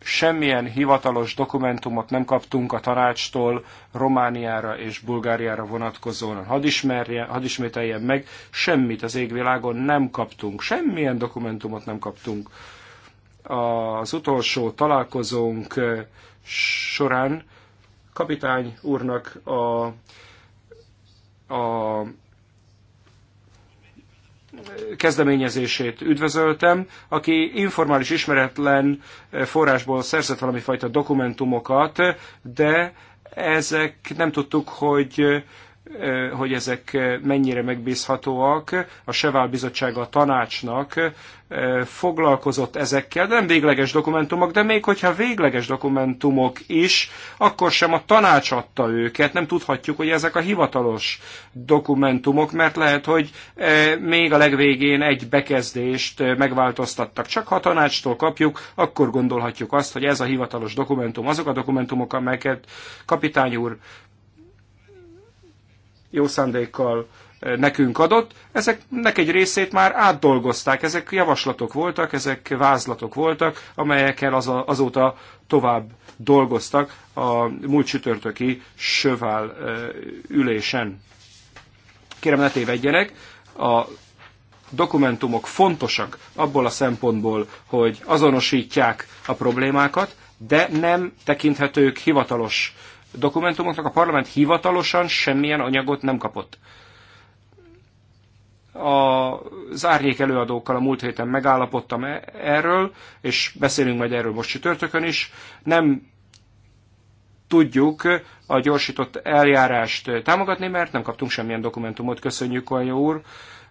semmilyen hivatalos dokumentumot nem kaptunk a tanácstól Romániára és Bulgáriára vonatkozóan. Hadd, ismerje, hadd ismételjem meg, semmit az égvilágon nem kaptunk, semmilyen dokumentumot nem kaptunk. Az utolsó találkozónk során kapitány úrnak a a kezdeményezését üdvözöltem, aki informális ismeretlen forrásból szerzett valami fajta dokumentumokat, de ezek nem tudtuk, hogy hogy ezek mennyire megbízhatóak. A Seval Bizottsága a tanácsnak foglalkozott ezekkel, nem végleges dokumentumok, de még hogyha végleges dokumentumok is, akkor sem a tanács adta őket. Nem tudhatjuk, hogy ezek a hivatalos dokumentumok, mert lehet, hogy még a legvégén egy bekezdést megváltoztattak. Csak ha a tanácstól kapjuk, akkor gondolhatjuk azt, hogy ez a hivatalos dokumentum, azok a dokumentumok, amelyeket kapitány úr jó szándékkal eh, nekünk adott, ezeknek egy részét már átdolgozták, ezek javaslatok voltak, ezek vázlatok voltak, amelyekkel az a, azóta tovább dolgoztak a múlt csütörtöki sövál eh, ülésen. Kérem, ne tévedjenek, a dokumentumok fontosak abból a szempontból, hogy azonosítják a problémákat, de nem tekinthetők hivatalos dokumentumoknak a parlament hivatalosan semmilyen anyagot nem kapott. Az árnyék előadókkal a múlt héten megállapodtam e- erről, és beszélünk majd erről most csütörtökön is. Nem tudjuk a gyorsított eljárást támogatni, mert nem kaptunk semmilyen dokumentumot. Köszönjük, Koelyó úr.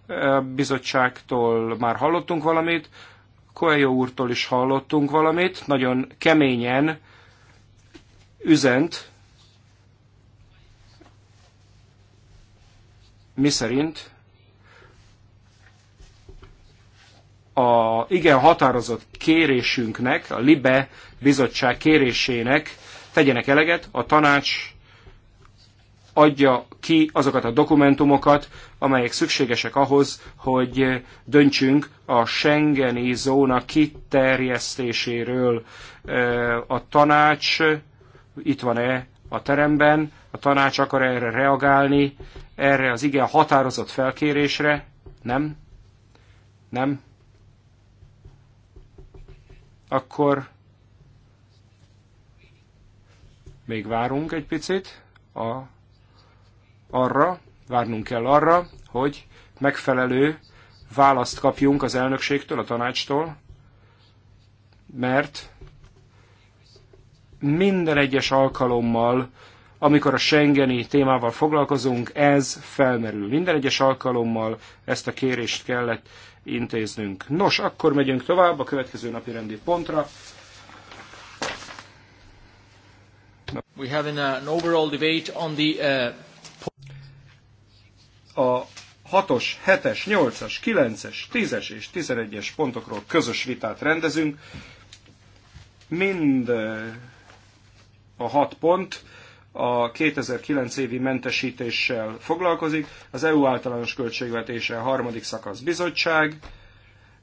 A bizottságtól már hallottunk valamit, Koelyó úrtól is hallottunk valamit, nagyon keményen üzent miszerint a igen határozott kérésünknek, a LIBE bizottság kérésének tegyenek eleget, a tanács adja ki azokat a dokumentumokat, amelyek szükségesek ahhoz, hogy döntsünk a Schengeni zóna kiterjesztéséről. A tanács itt van-e a teremben, a tanács akar erre reagálni, erre az igen határozott felkérésre, nem? Nem? Akkor még várunk egy picit a, arra, várnunk kell arra, hogy megfelelő választ kapjunk az elnökségtől, a tanácstól, mert minden egyes alkalommal, amikor a Schengeni témával foglalkozunk, ez felmerül. Minden egyes alkalommal ezt a kérést kellett intéznünk. Nos, akkor megyünk tovább a következő napi rendi pontra. We have an, uh, an overall debate on the, uh... A 6-os, 7-es, 8-as, 9-es, 10-es és 11-es pontokról közös vitát rendezünk. Mind uh, a hat pont a 2009 évi mentesítéssel foglalkozik, az EU általános költségvetése a harmadik szakasz bizottság,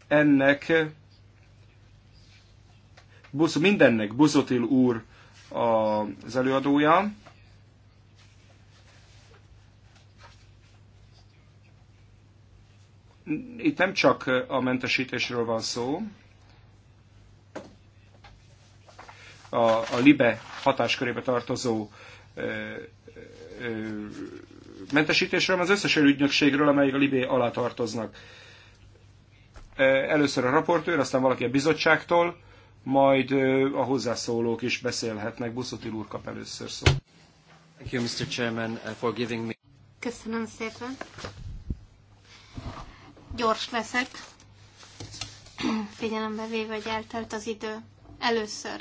ennek busz, mindennek Buzotil úr az előadója. Itt nem csak a mentesítésről van szó, a, a LIBE hatáskörébe tartozó ö, ö, mentesítésről, hanem az összes elügynökségről, amelyik a LIBE alá tartoznak. Először a raportőr, aztán valaki a bizottságtól, majd a hozzászólók is beszélhetnek. Buszotil úr kap először szó. Thank you, Mr. Chairman, uh, for giving me... Köszönöm szépen. Gyors leszek, figyelembe véve, hogy eltelt az idő. Először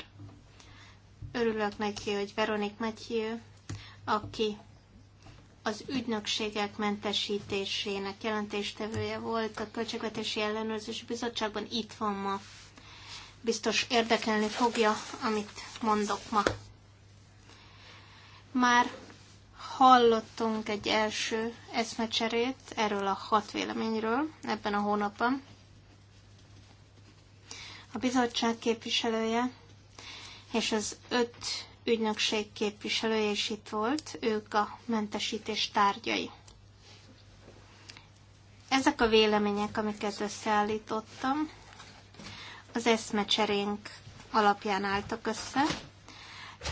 Örülök neki, hogy Veronik Matthieu, aki az ügynökségek mentesítésének jelentéstevője volt a Költségvetési Ellenőrzési Bizottságban, itt van ma. Biztos érdekelni fogja, amit mondok ma. Már hallottunk egy első eszmecserét erről a hat véleményről ebben a hónapban. A bizottság képviselője és az öt ügynökség képviselője is itt volt, ők a mentesítés tárgyai. Ezek a vélemények, amiket összeállítottam, az eszmecserénk alapján álltak össze.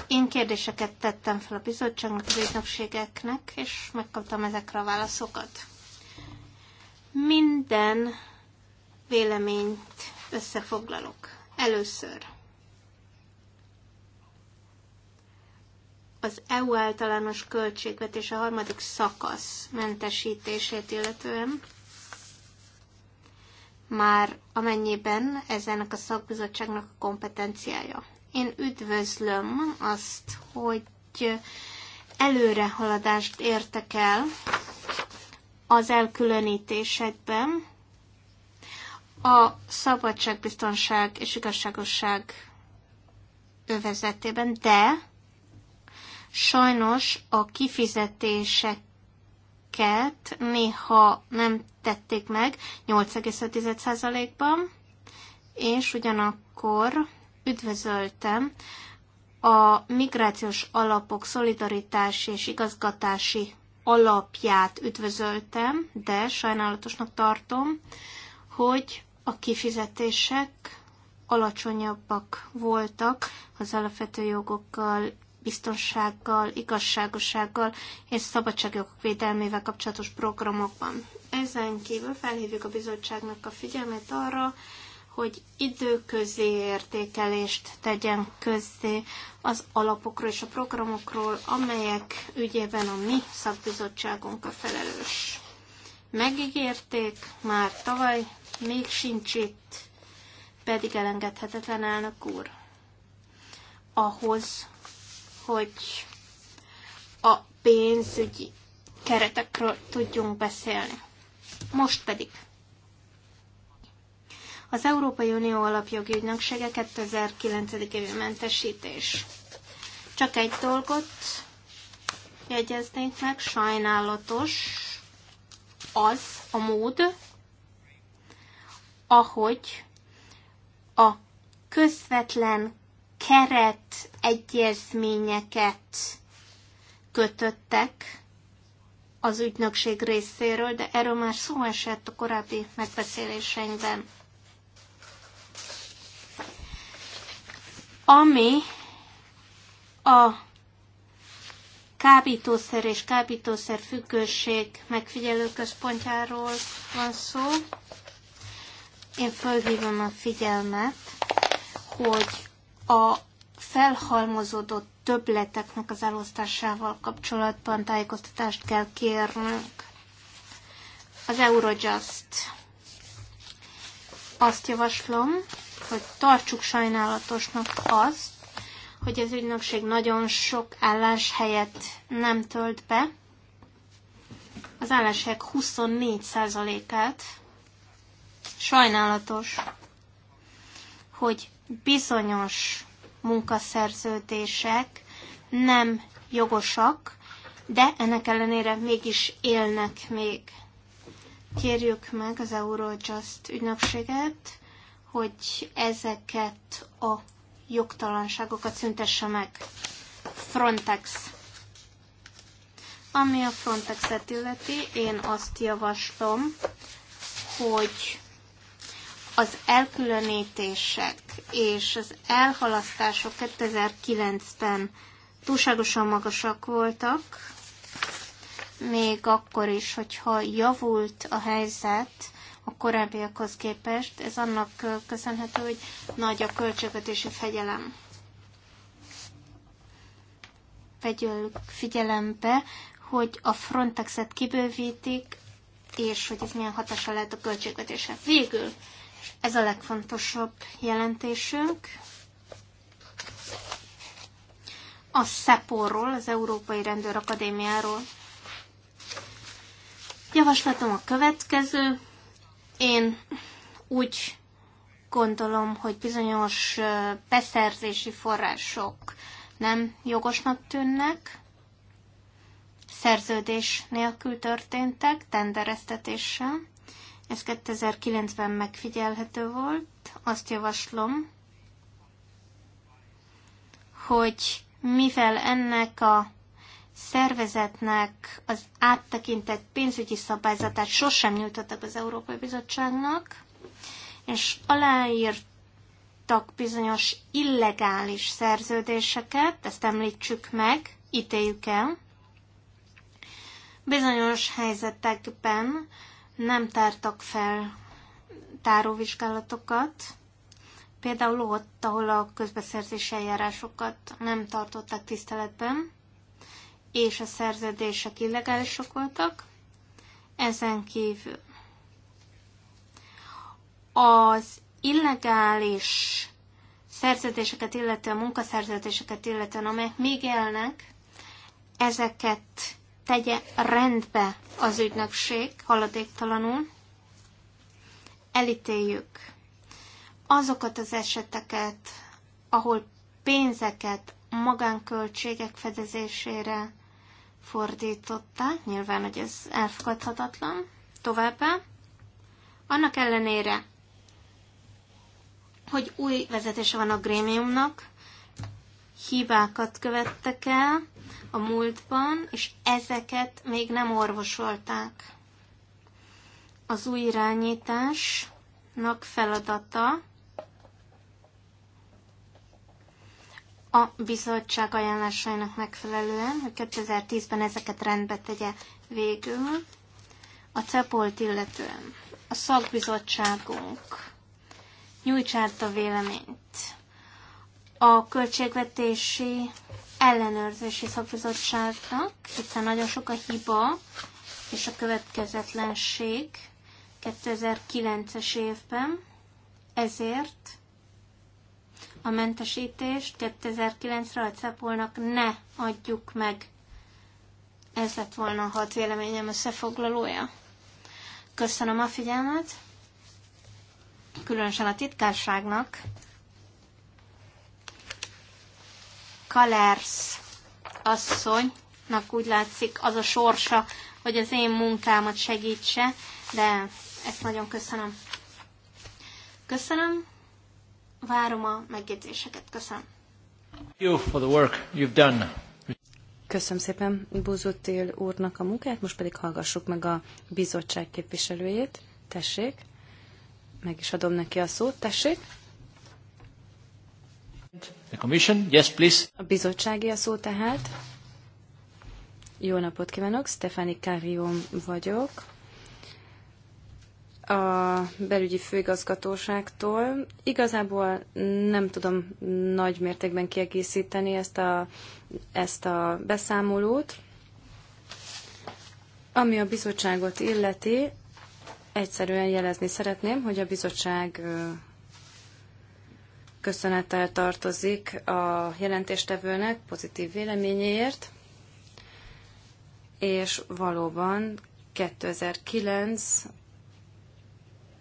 Én kérdéseket tettem fel a bizottságnak, az ügynökségeknek, és megkaptam ezekre a válaszokat. Minden véleményt összefoglalok. Először az EU általános költségvetés a harmadik szakasz mentesítését illetően, már amennyiben ez ennek a szakbizottságnak a kompetenciája. Én üdvözlöm azt, hogy előrehaladást értek el az elkülönítésekben, a szabadságbiztonság és igazságosság övezetében, de Sajnos a kifizetéseket néha nem tették meg 8,5%-ban, és ugyanakkor üdvözöltem a migrációs alapok szolidaritási és igazgatási alapját üdvözöltem, de sajnálatosnak tartom, hogy a kifizetések alacsonyabbak voltak az alapvető jogokkal biztonsággal, igazságossággal és szabadságok védelmével kapcsolatos programokban. Ezen kívül felhívjuk a bizottságnak a figyelmet arra, hogy időközi értékelést tegyen közzé az alapokról és a programokról, amelyek ügyében a mi szakbizottságunk a felelős. Megígérték már tavaly, még sincs itt, pedig elengedhetetlen elnök úr. Ahhoz, hogy a pénzügyi keretekről tudjunk beszélni. Most pedig az Európai Unió alapjogi ügynöksége 2009. évi mentesítés. Csak egy dolgot jegyeznénk meg, sajnálatos az a mód, ahogy a közvetlen keret egyezményeket kötöttek az ügynökség részéről, de erről már szó esett a korábbi megbeszéléseinkben. Ami a kábítószer és kábítószer függőség megfigyelő központjáról van szó. Én fölhívom a figyelmet, hogy a felhalmozódott többleteknek az elosztásával kapcsolatban tájékoztatást kell kérnünk. Az Eurojust. Azt javaslom, hogy tartsuk sajnálatosnak azt, hogy az ügynökség nagyon sok álláshelyet nem tölt be. Az álláshelyek 24%-át. Sajnálatos, hogy bizonyos munkaszerződések nem jogosak, de ennek ellenére mégis élnek még. Kérjük meg az Eurojust ügynökséget, hogy ezeket a jogtalanságokat szüntesse meg. Frontex. Ami a Frontexet illeti, én azt javaslom, hogy az elkülönítések és az elhalasztások 2009-ben túlságosan magasak voltak, még akkor is, hogyha javult a helyzet a korábbiakhoz képest, ez annak köszönhető, hogy nagy a költségvetési fegyelem. Vegyük figyelembe, hogy a Frontexet kibővítik, és hogy ez milyen hatása lehet a költségvetésre. Végül ez a legfontosabb jelentésünk. A SZEPOR-ról, az Európai Rendőrakadémiáról. Javaslatom a következő. Én úgy gondolom, hogy bizonyos beszerzési források nem jogosnak tűnnek, szerződés nélkül történtek, tendereztetéssel. Ez 2009-ben megfigyelhető volt. Azt javaslom, hogy mivel ennek a szervezetnek az áttekintett pénzügyi szabályzatát sosem nyújtottak az Európai Bizottságnak, és aláírtak bizonyos illegális szerződéseket, ezt említsük meg, ítéljük el. Bizonyos helyzetekben nem tártak fel táróvizsgálatokat, például ott, ahol a közbeszerzési eljárásokat nem tartották tiszteletben, és a szerződések illegálisok voltak. Ezen kívül az illegális szerződéseket illetően, munkaszerződéseket illetően, amelyek még élnek, ezeket tegye rendbe az ügynökség haladéktalanul. Elítéljük azokat az eseteket, ahol pénzeket magánköltségek fedezésére fordította, nyilván, hogy ez elfogadhatatlan. Továbbá, annak ellenére, hogy új vezetése van a grémiumnak, hibákat követtek el, a múltban, és ezeket még nem orvosolták. Az új irányításnak feladata a bizottság ajánlásainak megfelelően, hogy 2010-ben ezeket rendbe tegye végül, a CEPOLT illetően. A szakbizottságunk nyújts a véleményt. A költségvetési ellenőrzési szakbizottságnak, hiszen nagyon sok a hiba és a következetlenség 2009-es évben, ezért a mentesítést 2009-re a cepolnak ne adjuk meg. Ez lett volna a hat véleményem összefoglalója. Köszönöm a figyelmet, különösen a titkárságnak, Kalersz asszonynak úgy látszik az a sorsa, hogy az én munkámat segítse, de ezt nagyon köszönöm. Köszönöm, várom a megjegyzéseket, köszönöm. You for the work you've done. Köszönöm szépen Búzutil úrnak a munkát, most pedig hallgassuk meg a bizottság képviselőjét. Tessék, meg is adom neki a szót, tessék. The Commission, yes, please. A bizottsági a szó tehát. Jó napot kívánok, Stefani Kárium vagyok. A belügyi főigazgatóságtól. Igazából nem tudom nagy mértékben kiegészíteni ezt a, ezt a beszámolót. Ami a bizottságot illeti, egyszerűen jelezni szeretném, hogy a bizottság köszönettel tartozik a jelentéstevőnek pozitív véleményéért, és valóban 2009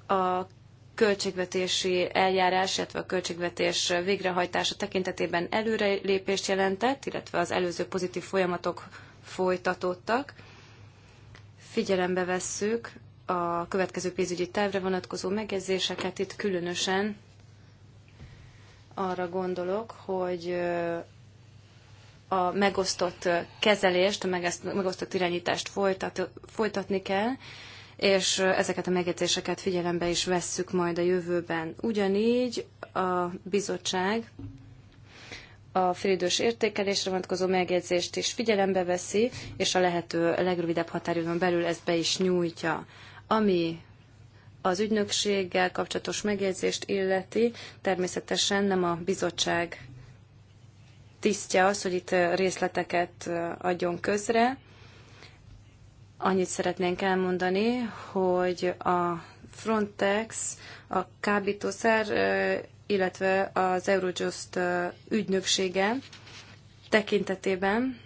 a költségvetési eljárás, illetve a költségvetés végrehajtása tekintetében előrelépést jelentett, illetve az előző pozitív folyamatok folytatódtak. Figyelembe vesszük a következő pénzügyi tervre vonatkozó megjegyzéseket, itt különösen arra gondolok, hogy a megosztott kezelést, a megosztott irányítást folytat, folytatni kell, és ezeket a megjegyzéseket figyelembe is vesszük majd a jövőben. Ugyanígy a bizottság a félidős értékelésre vonatkozó megjegyzést is figyelembe veszi, és a lehető legrövidebb határidőn belül ezt be is nyújtja. Ami az ügynökséggel kapcsolatos megjegyzést illeti, természetesen nem a bizottság tisztje az, hogy itt részleteket adjon közre. Annyit szeretnénk elmondani, hogy a Frontex, a kábítószer, illetve az Eurojust ügynöksége tekintetében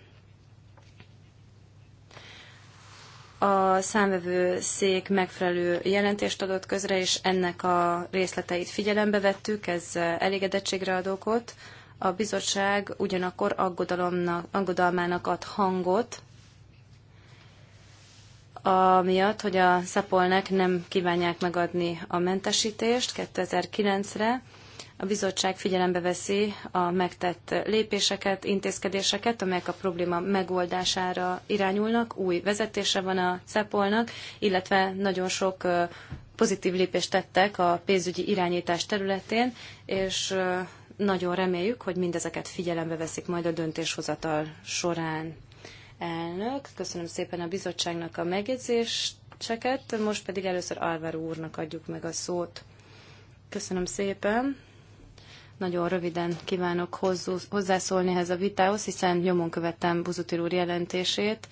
a számvevő szék megfelelő jelentést adott közre, és ennek a részleteit figyelembe vettük, ez elégedettségre ad okot. A bizottság ugyanakkor aggodalomnak, aggodalmának ad hangot, amiatt, hogy a Szapolnek nem kívánják megadni a mentesítést 2009-re, a bizottság figyelembe veszi a megtett lépéseket, intézkedéseket, amelyek a probléma megoldására irányulnak, új vezetése van a CEPOL-nak, illetve nagyon sok pozitív lépést tettek a pénzügyi irányítás területén, és nagyon reméljük, hogy mindezeket figyelembe veszik majd a döntéshozatal során. Elnök, köszönöm szépen a bizottságnak a megjegyzéseket, most pedig először Álvaro úrnak adjuk meg a szót. Köszönöm szépen. Nagyon röviden kívánok hozzászólni ehhez a vitához, hiszen nyomon követtem Buzutil úr jelentését.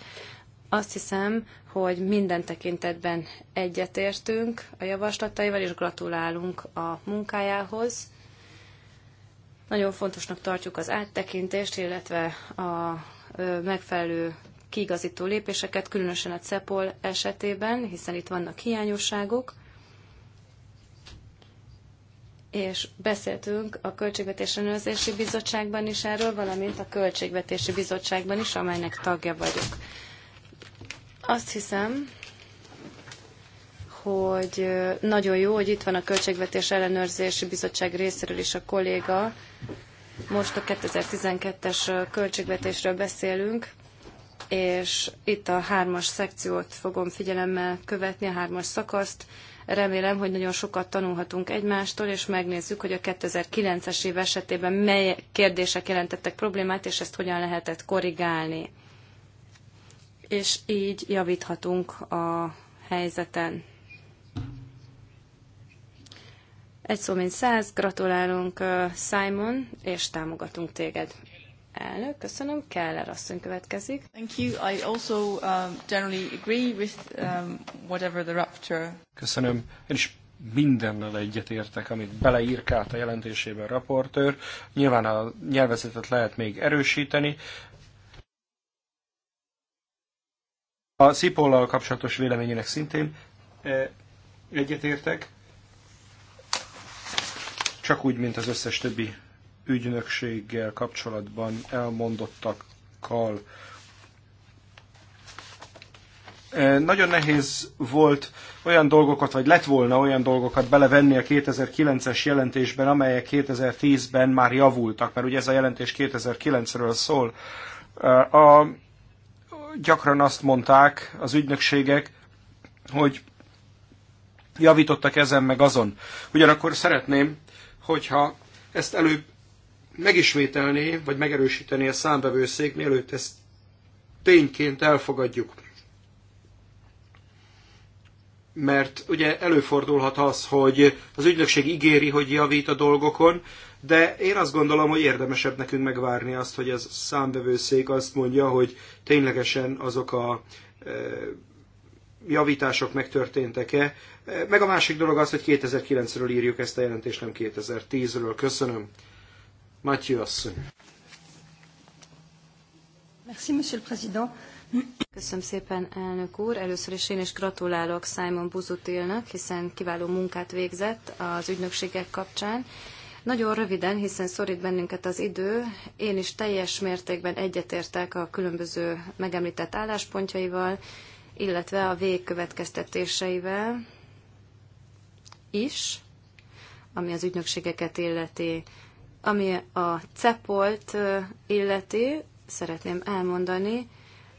Azt hiszem, hogy minden tekintetben egyetértünk a javaslataival, és gratulálunk a munkájához. Nagyon fontosnak tartjuk az áttekintést, illetve a megfelelő kiigazító lépéseket, különösen a CEPOL esetében, hiszen itt vannak hiányosságok és beszéltünk a Költségvetés Ellenőrzési Bizottságban is erről, valamint a Költségvetési Bizottságban is, amelynek tagja vagyok. Azt hiszem, hogy nagyon jó, hogy itt van a Költségvetés Ellenőrzési Bizottság részéről is a kolléga. Most a 2012-es költségvetésről beszélünk, és itt a hármas szekciót fogom figyelemmel követni, a hármas szakaszt. Remélem, hogy nagyon sokat tanulhatunk egymástól, és megnézzük, hogy a 2009-es év esetében mely kérdések jelentettek problémát, és ezt hogyan lehetett korrigálni. És így javíthatunk a helyzeten. Egy szó mint száz, gratulálunk Simon, és támogatunk téged. Elnök, köszönöm. Keller asszony következik. Thank you. I also um, generally agree with um, whatever the rapporteur. Köszönöm. Én is mindennel egyetértek, amit beleírkált a jelentésébe a raportőr. Nyilván a nyelvezetet lehet még erősíteni. A Szipollal kapcsolatos véleményének szintén e, egyetértek, csak úgy, mint az összes többi ügynökséggel kapcsolatban elmondottakkal. E, nagyon nehéz volt olyan dolgokat, vagy lett volna olyan dolgokat belevenni a 2009-es jelentésben, amelyek 2010-ben már javultak, mert ugye ez a jelentés 2009-ről szól. E, a, gyakran azt mondták az ügynökségek, hogy javítottak ezen meg azon. Ugyanakkor szeretném, hogyha ezt előbb megismételni, vagy megerősíteni a számbevőszék, mielőtt ezt tényként elfogadjuk. Mert ugye előfordulhat az, hogy az ügynökség ígéri, hogy javít a dolgokon, de én azt gondolom, hogy érdemesebb nekünk megvárni azt, hogy az számbevőszék azt mondja, hogy ténylegesen azok a e, javítások megtörténtek-e. E, meg a másik dolog az, hogy 2009-ről írjuk ezt a jelentést, nem 2010-ről. Köszönöm. Matyi asszony. Merci, monsieur le président. Köszönöm szépen, elnök úr. Először is én is gratulálok Simon Buzutilnak, hiszen kiváló munkát végzett az ügynökségek kapcsán. Nagyon röviden, hiszen szorít bennünket az idő, én is teljes mértékben egyetértek a különböző megemlített álláspontjaival, illetve a végkövetkeztetéseivel is, ami az ügynökségeket illeti. Ami a cepolt illeti, szeretném elmondani,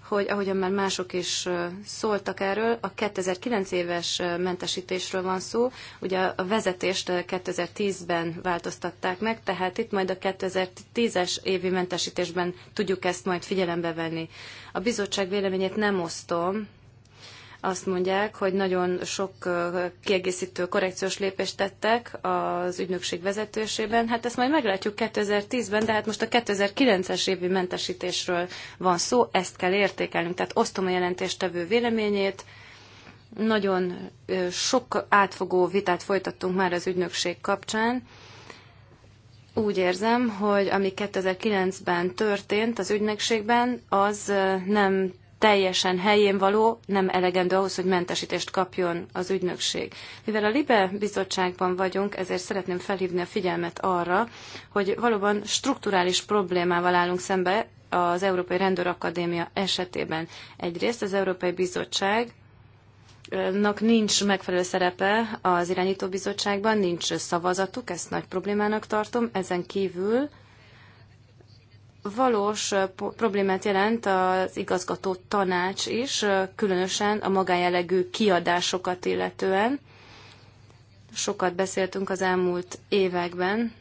hogy ahogyan már mások is szóltak erről, a 2009 éves mentesítésről van szó, ugye a vezetést 2010-ben változtatták meg, tehát itt majd a 2010-es évi mentesítésben tudjuk ezt majd figyelembe venni. A bizottság véleményét nem osztom, azt mondják, hogy nagyon sok kiegészítő korrekciós lépést tettek az ügynökség vezetősében. Hát ezt majd meglátjuk 2010-ben, de hát most a 2009-es évi mentesítésről van szó, ezt kell értékelnünk. Tehát osztom a jelentéstevő véleményét, nagyon sok átfogó vitát folytattunk már az ügynökség kapcsán. Úgy érzem, hogy ami 2009-ben történt az ügynökségben, az nem teljesen helyén való, nem elegendő ahhoz, hogy mentesítést kapjon az ügynökség. Mivel a LIBE bizottságban vagyunk, ezért szeretném felhívni a figyelmet arra, hogy valóban strukturális problémával állunk szembe az Európai Rendőrakadémia esetében. Egyrészt az Európai Bizottság nak nincs megfelelő szerepe az irányító bizottságban, nincs szavazatuk, ezt nagy problémának tartom. Ezen kívül valós problémát jelent az igazgató tanács is, különösen a magájellegű kiadásokat illetően. Sokat beszéltünk az elmúlt években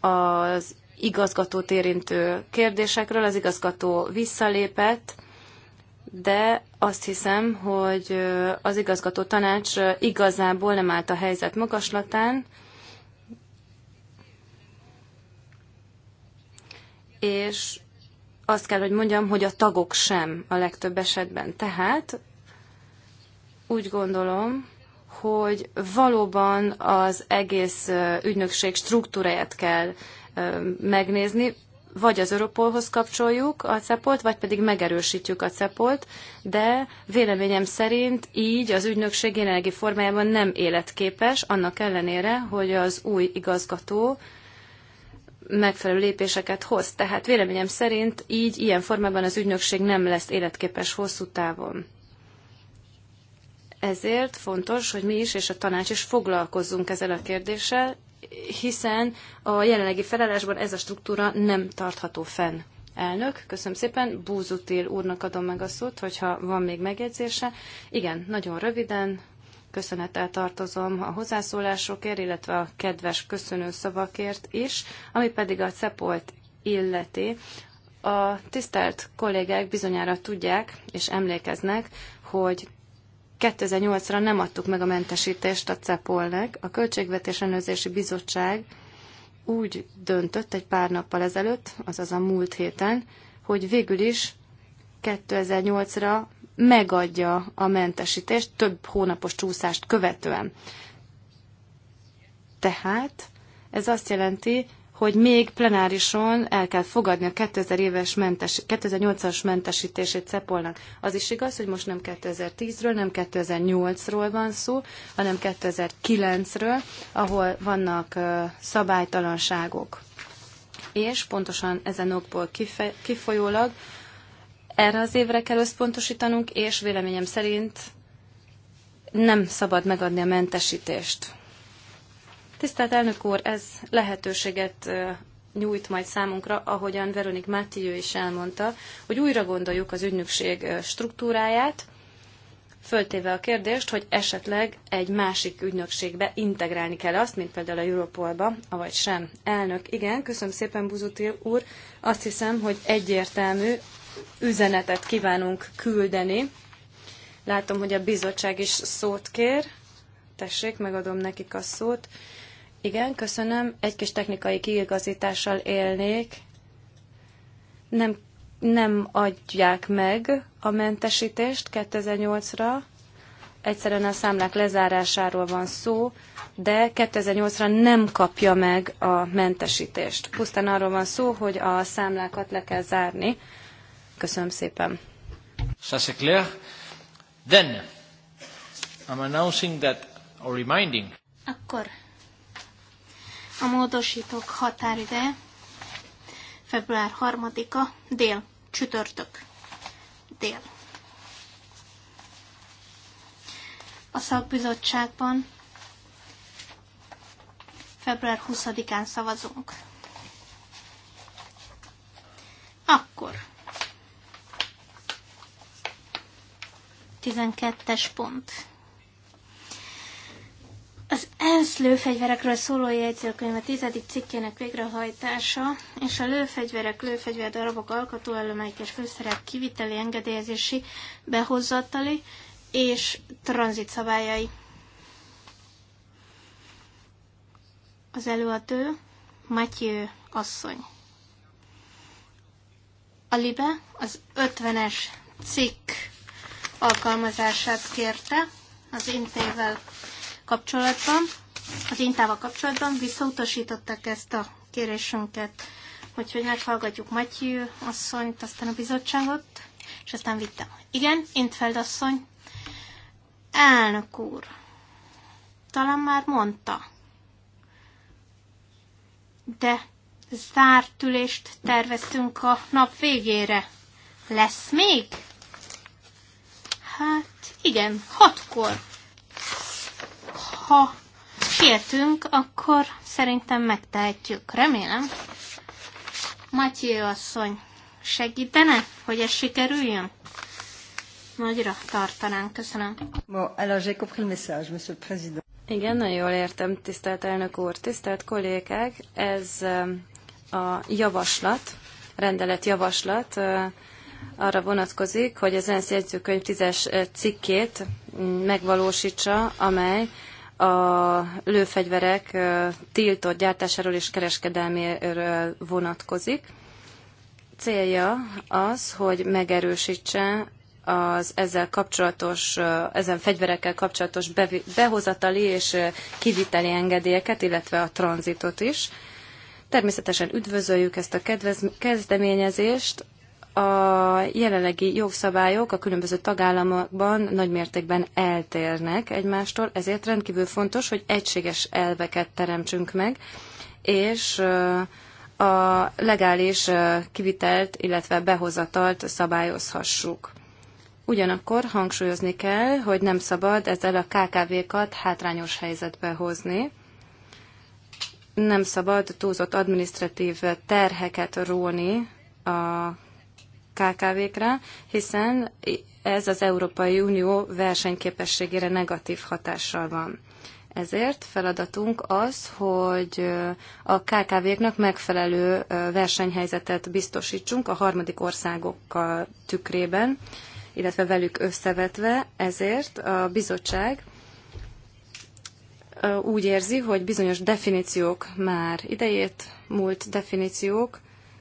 az igazgatót érintő kérdésekről. Az igazgató visszalépett, de azt hiszem, hogy az igazgató tanács igazából nem állt a helyzet magaslatán, és azt kell, hogy mondjam, hogy a tagok sem a legtöbb esetben. Tehát úgy gondolom, hogy valóban az egész ügynökség struktúráját kell megnézni, vagy az Europolhoz kapcsoljuk a cepolt, vagy pedig megerősítjük a cepolt, de véleményem szerint így az ügynökség jelenlegi formájában nem életképes, annak ellenére, hogy az új igazgató megfelelő lépéseket hoz. Tehát véleményem szerint így, ilyen formában az ügynökség nem lesz életképes hosszú távon. Ezért fontos, hogy mi is és a tanács is foglalkozzunk ezzel a kérdéssel, hiszen a jelenlegi felállásban ez a struktúra nem tartható fenn. Elnök, köszönöm szépen. Búzutil úrnak adom meg a szót, hogyha van még megjegyzése. Igen, nagyon röviden, köszönettel tartozom a hozzászólásokért, illetve a kedves köszönő szavakért is, ami pedig a cepolt illeti. A tisztelt kollégák bizonyára tudják és emlékeznek, hogy 2008-ra nem adtuk meg a mentesítést a CEPOL-nek. A Költségvetés Ellenőrzési Bizottság úgy döntött egy pár nappal ezelőtt, azaz a múlt héten, hogy végül is 2008-ra megadja a mentesítést több hónapos csúszást követően. Tehát ez azt jelenti, hogy még plenárison el kell fogadni a 2000 éves mentes, 2008-as mentesítését Cepolnak. Az is igaz, hogy most nem 2010-ről, nem 2008-ról van szó, hanem 2009-ről, ahol vannak uh, szabálytalanságok. És pontosan ezen okból kife, kifolyólag erre az évre kell összpontosítanunk, és véleményem szerint nem szabad megadni a mentesítést. Tisztelt elnök úr, ez lehetőséget nyújt majd számunkra, ahogyan Veronik Mátyő is elmondta, hogy újra gondoljuk az ügynökség struktúráját, föltéve a kérdést, hogy esetleg egy másik ügynökségbe integrálni kell azt, mint például a Europolba, avagy sem. Elnök, igen, köszönöm szépen, Buzuti úr. Azt hiszem, hogy egyértelmű üzenetet kívánunk küldeni. Látom, hogy a bizottság is szót kér. Tessék, megadom nekik a szót. Igen, köszönöm. Egy kis technikai kiigazítással élnék. Nem, nem adják meg a mentesítést 2008-ra. Egyszerűen a számlák lezárásáról van szó, de 2008-ra nem kapja meg a mentesítést. Pusztán arról van szó, hogy a számlákat le kell zárni. Köszönöm szépen. Σας εκλέα. Then, I'm announcing that or reminding. Akkor a módosítók határideje február 3-a dél, csütörtök dél. A szakbizottságban február 20-án szavazunk. 12-es pont. Az ENSZ lőfegyverekről szóló jegyzőkönyv a tizedik cikkének végrehajtása és a lőfegyverek, darabok alkatóelemek és főszerek kiviteli, engedélyezési, behozatali és tranzit szabályai. Az előadő Matyő asszony. A libe az 50-es cikk alkalmazását kérte az intével kapcsolatban, az intával kapcsolatban visszautasították ezt a kérésünket. Úgyhogy meghallgatjuk Matyi asszonyt, aztán a bizottságot, és aztán vittem. Igen, Intfeld asszony. Elnök úr, talán már mondta, de zárt ülést terveztünk a nap végére. Lesz még? Hát igen, hatkor. Ha sietünk, akkor szerintem megtehetjük. Remélem. Matyi asszony, segítene, hogy ez sikerüljön? Nagyra tartanánk. Köszönöm. Bon, alors j'ai compris le message, monsieur le président. Igen, nagyon jól értem, tisztelt elnök úr, tisztelt kollégák. Ez um, a javaslat, rendelet javaslat uh, arra vonatkozik, hogy az ENSZ jegyzőkönyv tízes cikkét megvalósítsa, amely a lőfegyverek tiltott gyártásáról és kereskedelméről vonatkozik. Célja az, hogy megerősítse az ezzel kapcsolatos, ezen fegyverekkel kapcsolatos behozatali és kiviteli engedélyeket, illetve a tranzitot is. Természetesen üdvözöljük ezt a kezdeményezést, a jelenlegi jogszabályok a különböző tagállamokban nagymértékben eltérnek egymástól, ezért rendkívül fontos, hogy egységes elveket teremtsünk meg, és a legális kivitelt, illetve behozatalt szabályozhassuk. Ugyanakkor hangsúlyozni kell, hogy nem szabad ezzel a KKV-kat hátrányos helyzetbe hozni, nem szabad túlzott administratív terheket róni a KKV-kra, hiszen ez az Európai Unió versenyképességére negatív hatással van. Ezért feladatunk az, hogy a KKV-knak megfelelő versenyhelyzetet biztosítsunk a harmadik országokkal tükrében, illetve velük összevetve. Ezért a bizottság úgy érzi, hogy bizonyos definíciók már idejét múlt definíciók,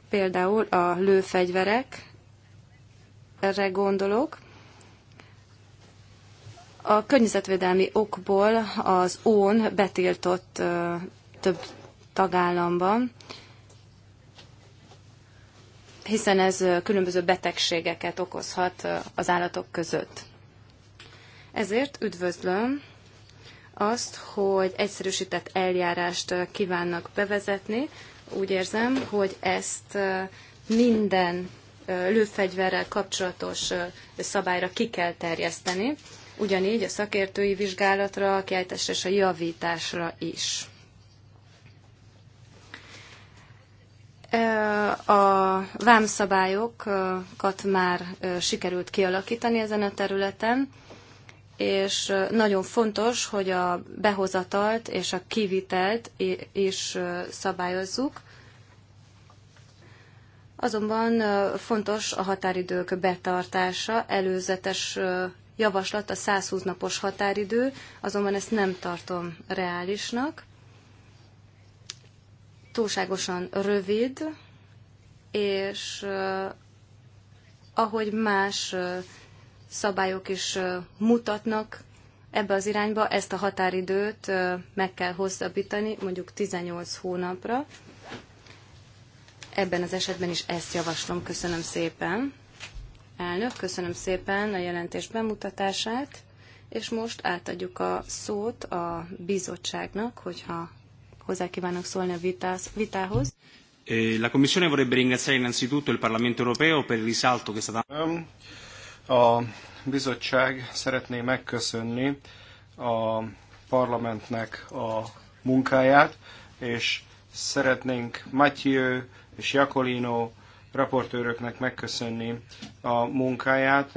például a lőfegyverek erre gondolok. A környezetvédelmi okból az ON betiltott több tagállamban, hiszen ez különböző betegségeket okozhat az állatok között. Ezért üdvözlöm azt, hogy egyszerűsített eljárást kívánnak bevezetni. Úgy érzem, hogy ezt minden lőfegyverrel kapcsolatos szabályra ki kell terjeszteni, ugyanígy a szakértői vizsgálatra, a kiállításra és a javításra is. A vámszabályokat már sikerült kialakítani ezen a területen, és nagyon fontos, hogy a behozatalt és a kivitelt is szabályozzuk. Azonban fontos a határidők betartása, előzetes javaslat a 120 napos határidő, azonban ezt nem tartom reálisnak. Túlságosan rövid, és ahogy más szabályok is mutatnak ebbe az irányba, ezt a határidőt meg kell hosszabbítani mondjuk 18 hónapra, ebben az esetben is ezt javaslom. Köszönöm szépen. Elnök, köszönöm szépen a jelentés bemutatását, és most átadjuk a szót a bizottságnak, hogyha hozzá kívánok szólni a vitához. Eh, la Commissione vorrebbe ringraziare innanzitutto il Parlamento europeo per il risalto che è stato... A bizottság szeretné megköszönni a parlamentnek a munkáját, és szeretnénk Mathieu és Jakolino raportőröknek megköszönni a munkáját.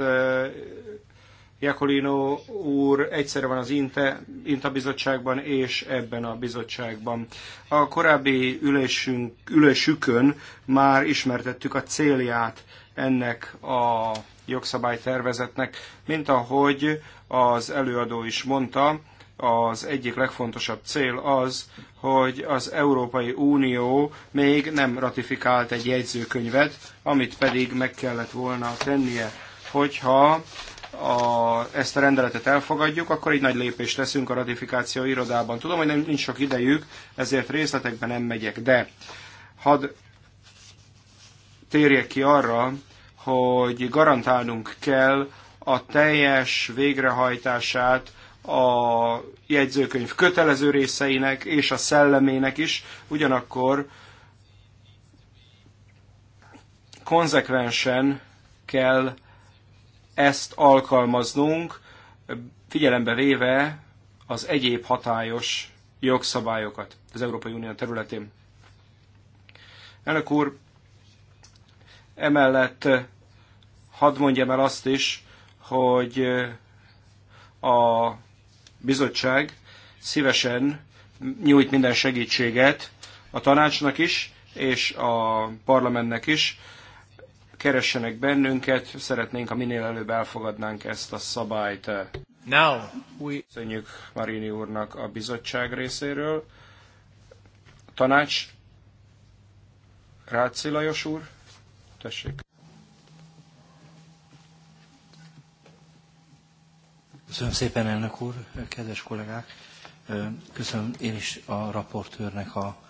Jakolino úr egyszerre van az INTE, INTA bizottságban és ebben a bizottságban. A korábbi ülésünk, ülésükön már ismertettük a célját ennek a jogszabálytervezetnek, mint ahogy az előadó is mondta, az egyik legfontosabb cél az, hogy az Európai Unió még nem ratifikált egy jegyzőkönyvet, amit pedig meg kellett volna tennie, hogyha a, ezt a rendeletet elfogadjuk, akkor egy nagy lépést teszünk a ratifikáció irodában. Tudom, hogy nem, nincs sok idejük, ezért részletekben nem megyek, de hadd térjek ki arra, hogy garantálnunk kell a teljes végrehajtását a jegyzőkönyv kötelező részeinek és a szellemének is, ugyanakkor konzekvensen kell ezt alkalmaznunk, figyelembe véve az egyéb hatályos jogszabályokat az Európai Unió területén. Elnök úr, emellett hadd mondjam el azt is, hogy a bizottság szívesen nyújt minden segítséget a tanácsnak is, és a parlamentnek is. Keressenek bennünket, szeretnénk, ha minél előbb elfogadnánk ezt a szabályt. Now we... Köszönjük Marini úrnak a bizottság részéről. Tanács, Ráci Lajos úr, tessék. Köszönöm szépen, elnök úr, kedves kollégák! Köszönöm én is a raportőrnek a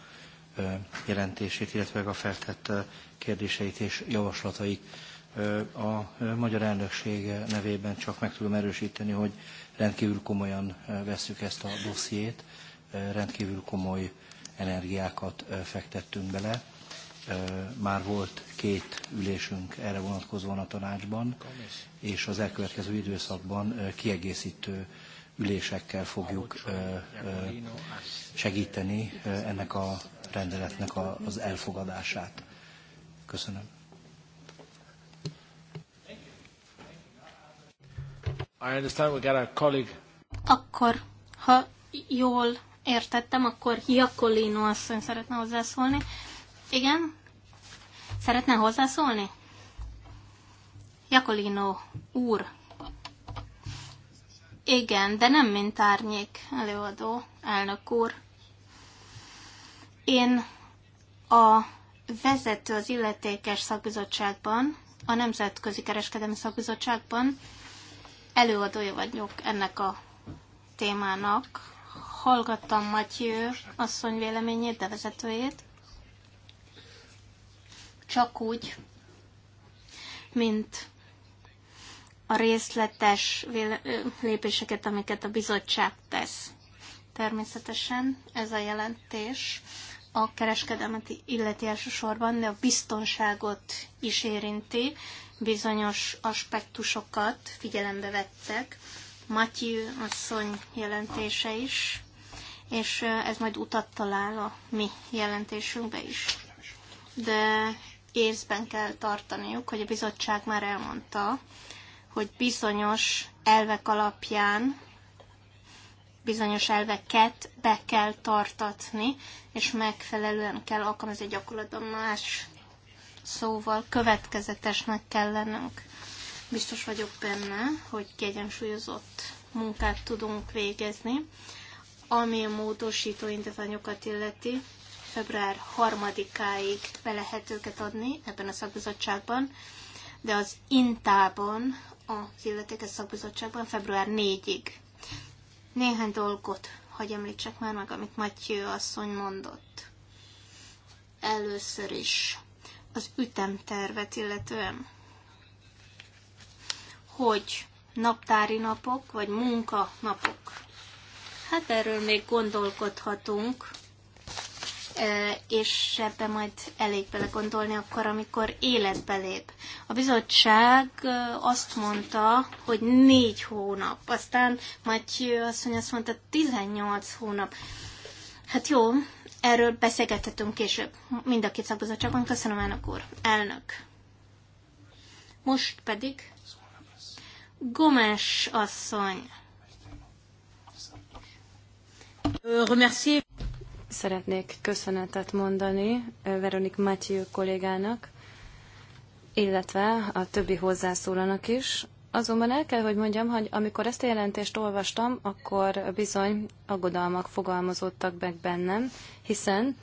jelentését, illetve a feltett kérdéseit és javaslatait. A magyar elnökség nevében csak meg tudom erősíteni, hogy rendkívül komolyan vesszük ezt a dossziét, rendkívül komoly energiákat fektettünk bele már volt két ülésünk erre vonatkozóan a tanácsban, és az elkövetkező időszakban kiegészítő ülésekkel fogjuk segíteni ennek a rendeletnek az elfogadását. Köszönöm. I understand we got a colleague. Akkor, ha jól értettem, akkor Jakolino asszony szeretne hozzászólni. Igen? Szeretne hozzászólni? Jakolino úr. Igen, de nem mint árnyék előadó, elnök úr. Én a vezető az illetékes szakbizottságban, a Nemzetközi Kereskedelmi Szakbizottságban előadója vagyok ennek a témának. Hallgattam Matyő asszony véleményét, de vezetőjét csak úgy, mint a részletes lépéseket, amiket a bizottság tesz. Természetesen ez a jelentés a kereskedelmet illeti elsősorban, de a biztonságot is érinti, bizonyos aspektusokat figyelembe vettek. Matyi asszony jelentése is, és ez majd utat talál a mi jelentésünkbe is. De észben kell tartaniuk, hogy a bizottság már elmondta, hogy bizonyos elvek alapján bizonyos elveket be kell tartatni, és megfelelően kell alkalmazni gyakorlatban más szóval következetesnek kell lennünk. Biztos vagyok benne, hogy kiegyensúlyozott munkát tudunk végezni, ami a módosító indítványokat illeti február 3-áig be lehet őket adni ebben a szakbizottságban, de az Intában, az illetékes szakbizottságban február 4-ig. Néhány dolgot hagy említsek már meg, amit Matyő asszony mondott. Először is az ütemtervet illetően, hogy naptári napok, vagy munkanapok. Hát erről még gondolkodhatunk, és ebbe majd elég belegondolni akkor, amikor életbe lép. A bizottság azt mondta, hogy négy hónap, aztán majd mondja, azt mondta 18 hónap. Hát jó, erről beszélgethetünk később. Mind a két szakbizottságban. Köszönöm, elnök úr. Elnök. Most pedig Gomes asszony. Remercie szeretnék köszönetet mondani eh, Veronik Matyi kollégának, illetve a többi hozzászólónak is. Azonban el kell, hogy mondjam, hogy amikor ezt a jelentést olvastam, akkor bizony aggodalmak fogalmazódtak meg bennem, hiszen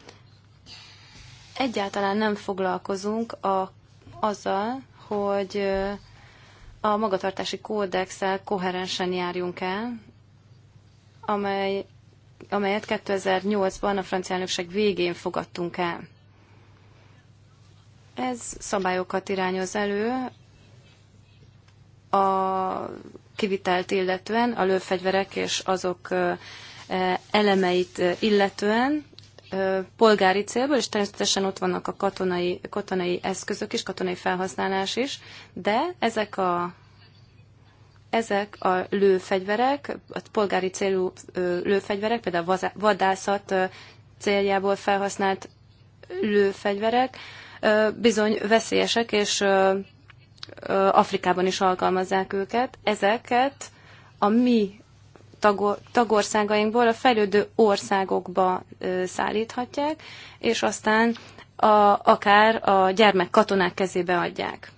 egyáltalán nem foglalkozunk a, azzal, hogy eh, a magatartási kódexel koherensen járjunk el, amely amelyet 2008-ban a francia elnökség végén fogadtunk el. Ez szabályokat irányoz elő a kivitelt illetően, a lőfegyverek és azok elemeit illetően, polgári célból, és természetesen ott vannak a katonai, katonai eszközök is, katonai felhasználás is, de ezek a ezek a lőfegyverek, a polgári célú lőfegyverek, például vadászat céljából felhasznált lőfegyverek bizony veszélyesek, és Afrikában is alkalmazzák őket. Ezeket a mi tagországainkból a fejlődő országokba szállíthatják, és aztán a, akár a gyermek katonák kezébe adják.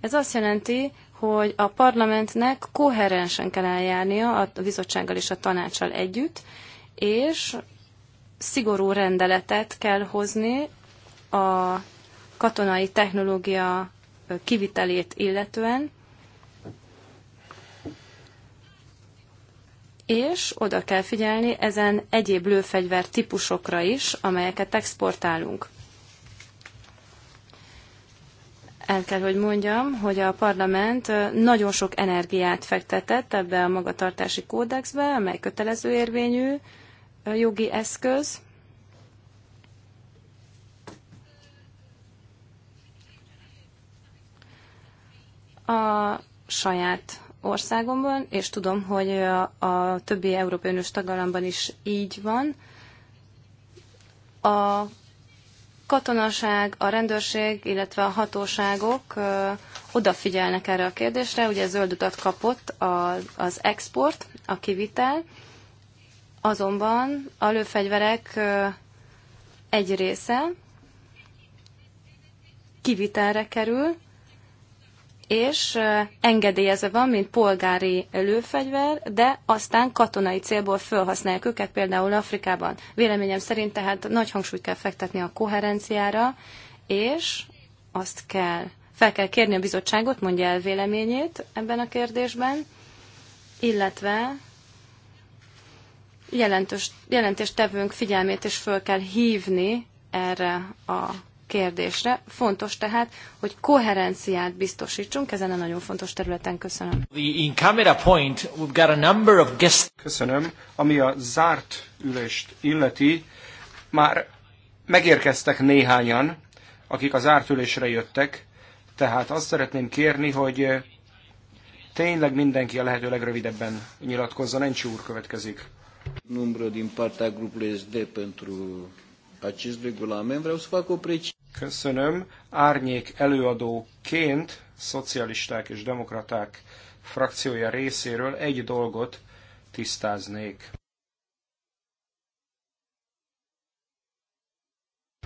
Ez azt jelenti, hogy a parlamentnek koherensen kell eljárnia a bizottsággal és a tanácsal együtt, és szigorú rendeletet kell hozni a katonai technológia kivitelét illetően, és oda kell figyelni ezen egyéb lőfegyver típusokra is, amelyeket exportálunk. el kell, hogy mondjam, hogy a parlament nagyon sok energiát fektetett ebbe a magatartási kódexbe, amely kötelező érvényű jogi eszköz. A saját országomban, és tudom, hogy a, többi Európai Uniós tagállamban is így van. A katonaság, a rendőrség, illetve a hatóságok ö, odafigyelnek erre a kérdésre. Ugye zöld utat kapott a az export, a kivitel, azonban a lőfegyverek ö, egy része kivitelre kerül, és engedélyezve van, mint polgári lőfegyver, de aztán katonai célból felhasználják őket, például Afrikában. Véleményem szerint tehát nagy hangsúlyt kell fektetni a koherenciára, és azt kell, fel kell kérni a bizottságot, mondja el véleményét ebben a kérdésben, illetve jelentős, jelentéstevőnk figyelmét is föl kell hívni erre a kérdésre. Fontos tehát, hogy koherenciát biztosítsunk ezen a nagyon fontos területen. Köszönöm. The in camera point, we've got a number of guests. Köszönöm. Ami a zárt ülést illeti, már megérkeztek néhányan, akik az zárt ülésre jöttek, tehát azt szeretném kérni, hogy eh, tényleg mindenki a lehető legrövidebben nyilatkozzon. Encsi úr következik. Numărul din partea grupului SD pentru acest regulament, vreau să fac o precizie. Köszönöm. Árnyék előadóként szocialisták és demokraták frakciója részéről egy dolgot tisztáznék.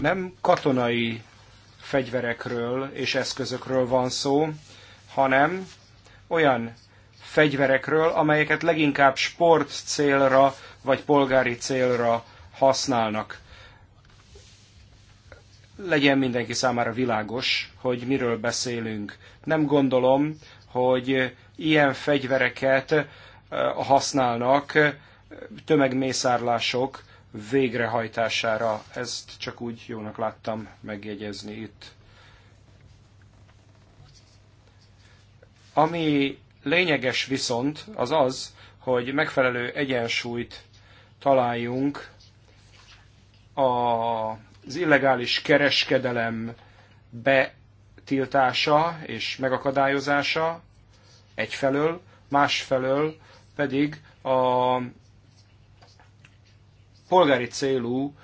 Nem katonai fegyverekről és eszközökről van szó, hanem olyan fegyverekről, amelyeket leginkább sport célra vagy polgári célra használnak legyen mindenki számára világos, hogy miről beszélünk. Nem gondolom, hogy ilyen fegyvereket eh, használnak eh, tömegmészárlások végrehajtására. Ezt csak úgy jónak láttam megjegyezni itt. Ami lényeges viszont az az, hogy megfelelő egyensúlyt találjunk a az illegális kereskedelem betiltása és megakadályozása egyfelől, másfelől pedig a polgári célú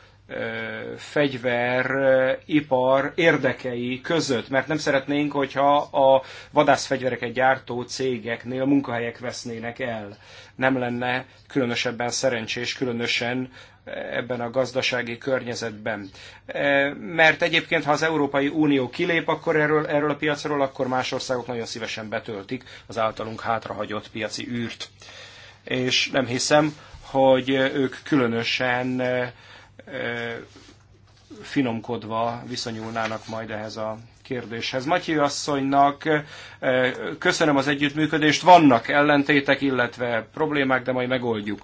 ipar érdekei között, mert nem szeretnénk, hogyha a vadászfegyvereket gyártó cégeknél munkahelyek vesznének el. Nem lenne különösebben szerencsés, különösen ebben a gazdasági környezetben. E, mert egyébként, ha az Európai Unió kilép akkor erről, erről a piacról, akkor más országok nagyon szívesen betöltik az általunk hátrahagyott piaci űrt. És nem hiszem, hogy ők különösen e, e, finomkodva viszonyulnának majd ehhez a kérdéshez. Matyi asszonynak köszönöm az együttműködést, vannak ellentétek, illetve problémák, de majd megoldjuk.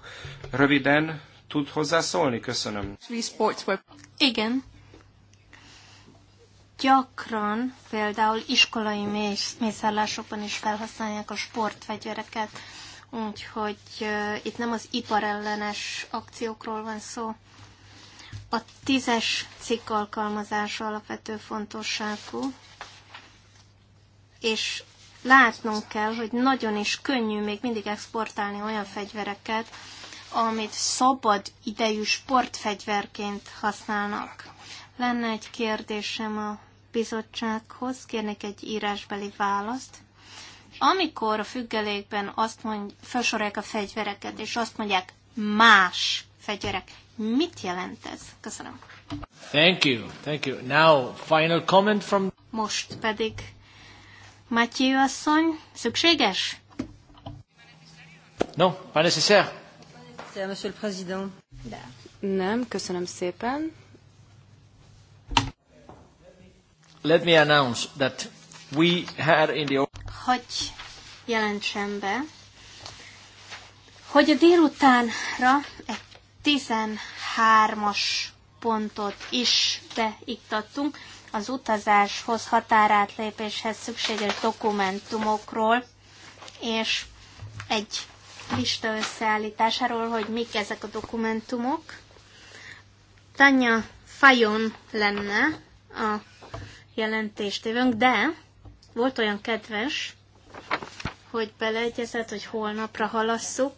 Röviden, tud hozzászólni? Köszönöm. Igen. Gyakran például iskolai mészállásokban is felhasználják a sportfegyvereket, úgyhogy uh, itt nem az iparellenes akciókról van szó. A tízes cikk alkalmazása alapvető fontosságú, és látnunk kell, hogy nagyon is könnyű még mindig exportálni olyan fegyvereket, amit szabad idejű sportfegyverként használnak. Lenne egy kérdésem a bizottsághoz, kérnék egy írásbeli választ. Amikor a függelékben azt mondj, felsorolják a fegyvereket, és azt mondják más fegyverek, mit jelent ez? Köszönöm. Thank you, thank you. Now, final comment from... Most pedig Matyi asszony, szükséges? No, pas nécessaire. Monsieur le Président. Nem, köszönöm szépen. Let me announce that we had in the... Hogy jelentsem be, hogy a délutánra egy 13-as pontot is beiktattunk az utazáshoz, határátlépéshez szükséges dokumentumokról, és egy lista összeállításáról, hogy mik ezek a dokumentumok. Tanya Fajon lenne a évünk, de volt olyan kedves, hogy beleegyezett, hogy holnapra halasszuk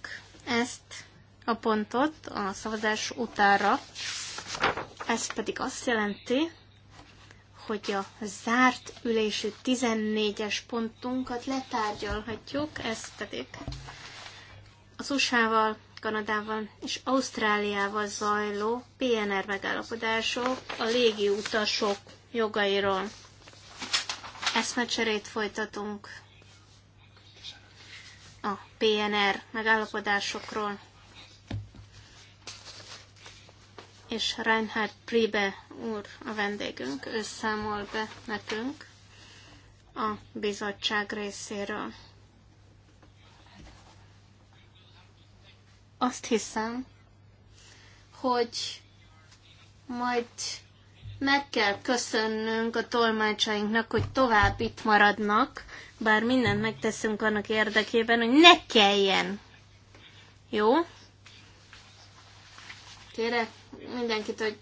ezt a pontot a szavazás utára. Ez pedig azt jelenti, hogy a zárt ülésű 14-es pontunkat letárgyalhatjuk, Ezt pedig az USA-val, Kanadával és Ausztráliával zajló PNR megállapodások a légi utasok jogairól. Eszmecserét folytatunk a PNR megállapodásokról, és Reinhard Pribe úr a vendégünk, ő számol be nekünk a bizottság részéről. Azt hiszem, hogy majd meg kell köszönnünk a tolmácsainknak, hogy tovább itt maradnak, bár mindent megteszünk annak érdekében, hogy ne kelljen. Jó? Kérek mindenkit, hogy